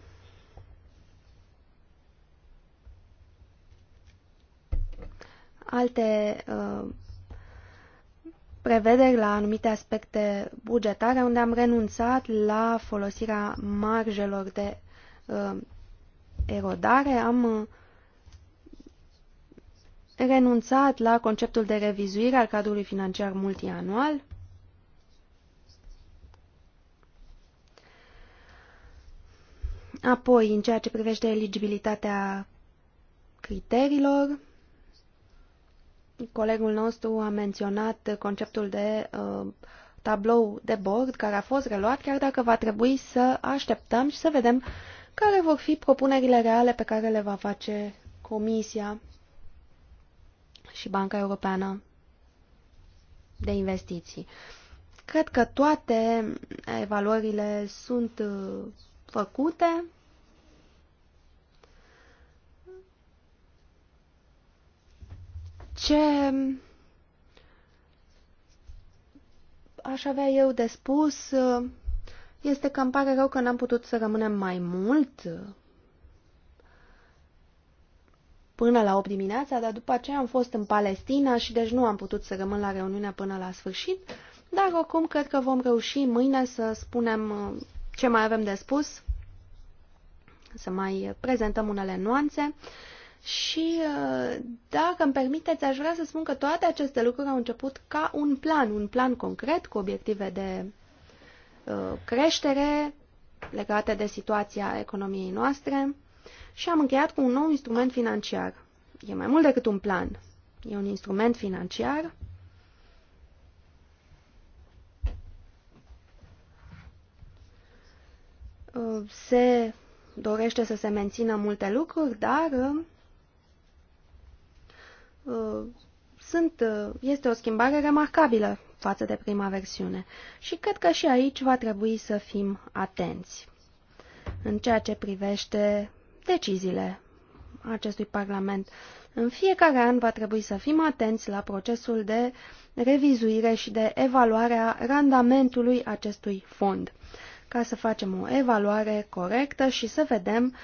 alte uh, prevederi la anumite aspecte bugetare unde am renunțat la folosirea marjelor de uh, erodare, am uh, renunțat la conceptul de revizuire al cadrului financiar multianual. Apoi, în ceea ce privește eligibilitatea criteriilor, Colegul nostru a menționat conceptul de uh, tablou de bord care a fost reluat, chiar dacă va trebui să așteptăm și să vedem care vor fi propunerile reale pe care le va face Comisia și Banca Europeană de Investiții. Cred că toate evaluările sunt uh, făcute Ce aș avea eu de spus este că îmi pare rău că n-am putut să rămânem mai mult până la 8 dimineața, dar după aceea am fost în Palestina și deci nu am putut să rămân la reuniune până la sfârșit, dar oricum cred că vom reuși mâine să spunem uh, ce mai avem de spus, să mai prezentăm unele nuanțe și uh, dacă îmi permiteți, aș vrea să spun că toate aceste lucruri au început ca un plan, un plan concret cu obiective de uh, creștere legate de situația economiei noastre și am încheiat cu un nou instrument financiar. E mai mult decât un plan. E un instrument financiar uh, se dorește să se mențină multe lucruri, dar Uh, sunt, uh, este o schimbare remarcabilă față de prima versiune și cred că și aici va trebui să fim atenți în ceea ce privește deciziile acestui Parlament. În fiecare an va trebui să fim atenți la procesul de revizuire și de evaluare a randamentului acestui fond, ca să facem o evaluare corectă și să vedem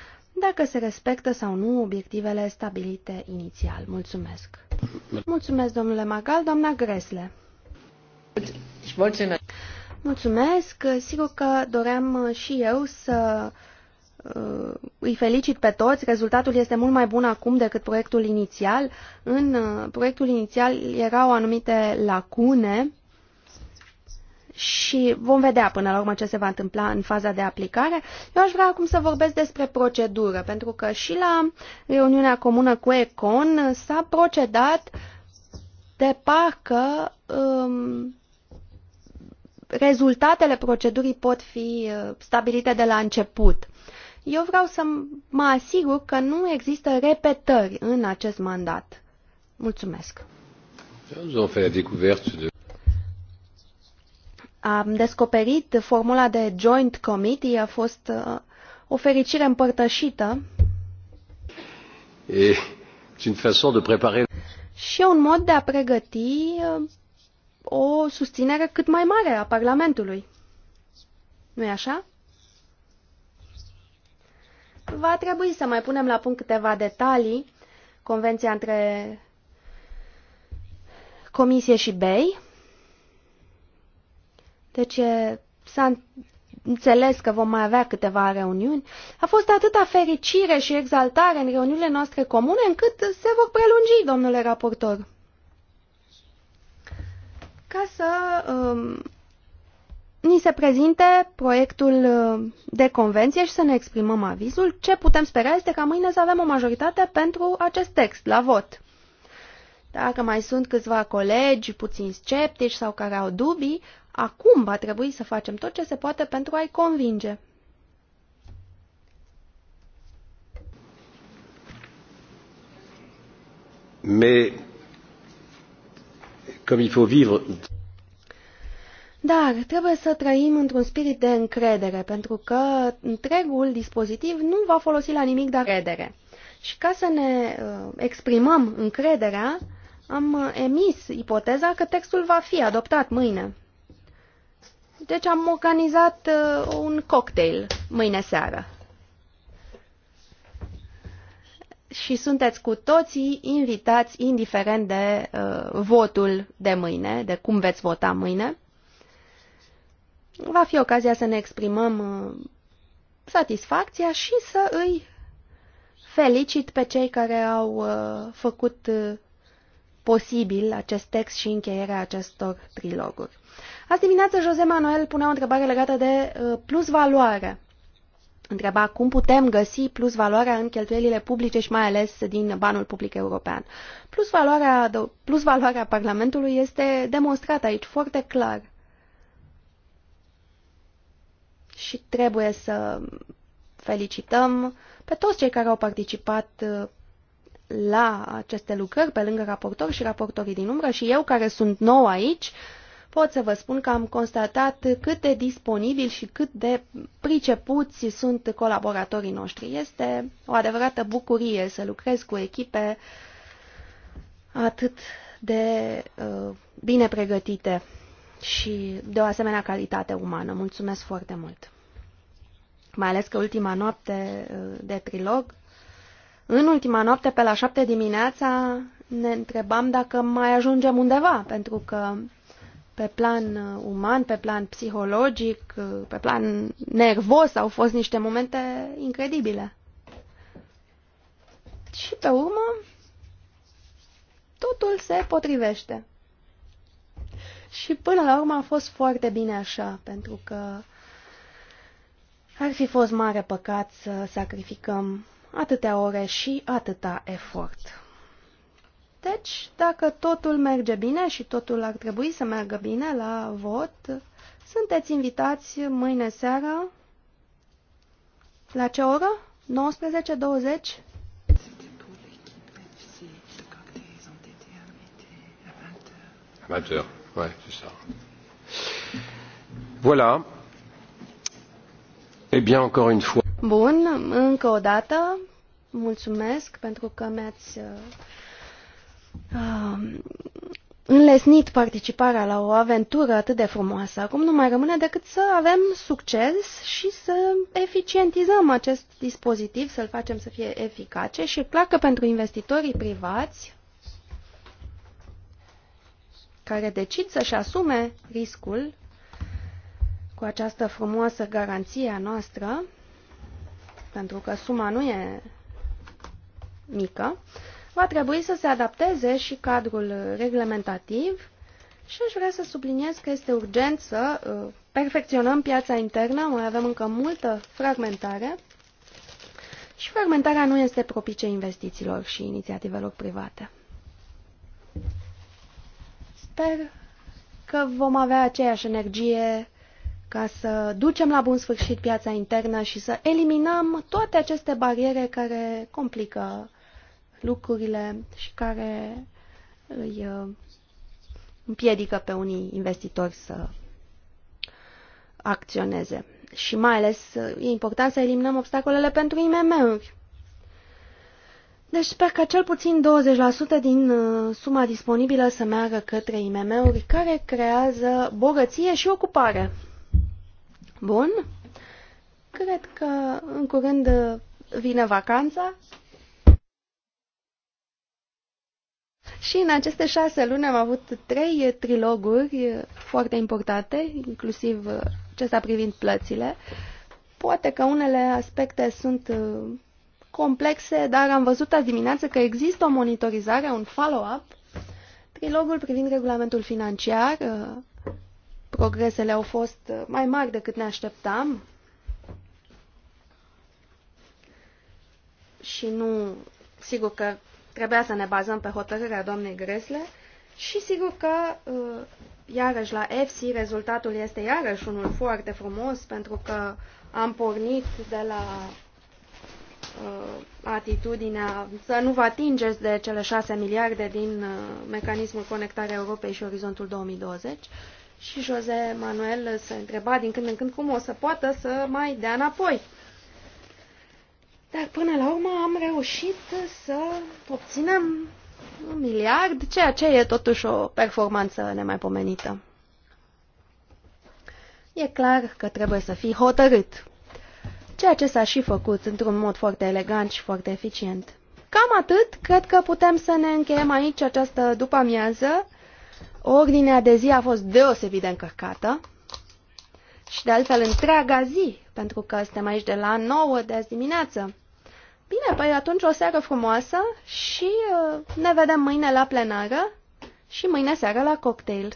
dacă se respectă sau nu obiectivele stabilite inițial. Mulțumesc! Mulțumesc, domnule Magal, doamna Gresle! Mulțumesc! Sigur că doream și eu să uh, îi felicit pe toți. Rezultatul este mult mai bun acum decât proiectul inițial. În uh, proiectul inițial erau anumite lacune și vom vedea până la urmă ce se va întâmpla în faza de aplicare. Eu aș vrea acum să vorbesc despre procedură, pentru că și la reuniunea comună cu Econ s-a procedat de parcă um, rezultatele procedurii pot fi uh, stabilite de la început. Eu vreau să mă asigur că nu există repetări în acest mandat. Mulțumesc.
Nous avons fait la découverte de
am descoperit formula de joint committee, a fost uh, o fericire împărtășită.
E, une façon de préparer...
Și un mod de a pregăti uh, o susținere cât mai mare a Parlamentului. nu e așa? Va trebui să mai punem la punct câteva detalii. Convenția între Comisie și BEI deci s-a înțeles că vom mai avea câteva reuniuni, a fost atâta fericire și exaltare în reuniunile noastre comune încât se vor prelungi, domnule raportor. Ca să um, ni se prezinte proiectul um, de convenție și să ne exprimăm avizul, ce putem spera este ca mâine să avem o majoritate pentru acest text la vot. Dacă mai sunt câțiva colegi puțin sceptici sau care au dubii, Acum va trebui să facem tot ce se poate pentru a-i convinge.
Mais, comme il faut vivre...
Dar trebuie să trăim într-un spirit de încredere, pentru că întregul dispozitiv nu va folosi la nimic dar încredere. Și ca să ne uh, exprimăm încrederea, am uh, emis ipoteza că textul va fi adoptat mâine. Deci am organizat uh, un cocktail mâine seară. Și sunteți cu toții invitați, indiferent de uh, votul de mâine, de cum veți vota mâine. Va fi ocazia să ne exprimăm uh, satisfacția și să îi felicit pe cei care au uh, făcut uh, posibil acest text și încheierea acestor triloguri. Azi dimineață Jose Manuel punea o întrebare legată de uh, plus valoare. Întreba cum putem găsi plus valoarea în cheltuielile publice și mai ales din banul public european. Plus valoarea, plus valoarea Parlamentului este demonstrată aici foarte clar. Și trebuie să felicităm pe toți cei care au participat uh, la aceste lucrări, pe lângă raportori și raportorii din umbră și eu care sunt nou aici, uh, pot să vă spun că am constatat cât de disponibili și cât de pricepuți sunt colaboratorii noștri. Este o adevărată bucurie să lucrez cu echipe atât de uh, bine pregătite și de o asemenea calitate umană. Mulțumesc foarte mult! Mai ales că ultima noapte uh, de trilog, în ultima noapte pe la șapte dimineața ne întrebam dacă mai ajungem undeva, pentru că pe plan uh, uman, pe plan psihologic, uh, pe plan nervos, au fost niște momente incredibile. Și pe urmă, totul se potrivește. Și până la urmă a fost foarte bine așa, pentru că ar fi fost mare păcat să sacrificăm atâtea ore și atâta efort. Deci, dacă totul merge bine și totul ar trebui să meargă bine la vot, sunteți invitați mâine seară la ce oră? 19.20?
Amateur, ouais, c'est ça. Voilà. Eh bien, encore une fois.
Bun, încă o dată, mulțumesc pentru că mi-ați înlesnit participarea la o aventură atât de frumoasă. Acum nu mai rămâne decât să avem succes și să eficientizăm acest dispozitiv, să-l facem să fie eficace și clar că pentru investitorii privați care decid să-și asume riscul cu această frumoasă garanție a noastră, pentru că suma nu e mică, uh, va trebui să se adapteze și cadrul reglementativ și aș vrea să subliniez că este urgent să uh, perfecționăm piața internă, mai avem încă multă fragmentare și fragmentarea nu este propice investițiilor și inițiativelor private. Sper că vom avea aceeași energie ca să ducem la bun sfârșit piața internă și să eliminăm toate aceste bariere care complică lucrurile și care îi uh, împiedică pe unii investitori să acționeze. Și mai ales uh, e important să eliminăm obstacolele pentru IMM-uri. Deci sper că cel puțin 20% din uh, suma disponibilă să meargă către IMM-uri care creează bogăție și ocupare. Bun. Cred că în curând vine vacanța Și în aceste șase luni am avut trei triloguri foarte importante, inclusiv acesta privind plățile. Poate că unele aspecte sunt uh, complexe, dar am văzut azi dimineață că există o monitorizare, un follow-up. Trilogul privind regulamentul financiar, uh, progresele au fost uh, mai mari decât ne așteptam și nu, sigur că Trebuia să ne bazăm pe hotărârea doamnei Gresle și sigur că, uh, iarăși, la EFSI rezultatul este iarăși unul foarte frumos, pentru că am pornit de la uh, atitudinea să nu vă atingeți de cele 6 miliarde din uh, mecanismul conectarea Europei și Orizontul 2020 și Jose Manuel se întreba din când în când cum o să poată să mai dea înapoi. Dar până la urmă am reușit să obținem un miliard, ceea ce e totuși o performanță nemaipomenită. E clar că trebuie să fii hotărât, ceea ce s-a și făcut într-un mod foarte elegant și foarte eficient. Cam atât, cred că putem să ne încheiem aici această după-amiază. Ordinea de zi a fost deosebit de încărcată și de altfel întreaga zi, pentru că suntem aici de la 9 de azi dimineață. Bine, păi atunci o seară frumoasă și uh, ne vedem mâine la plenară și mâine seară la cocktail.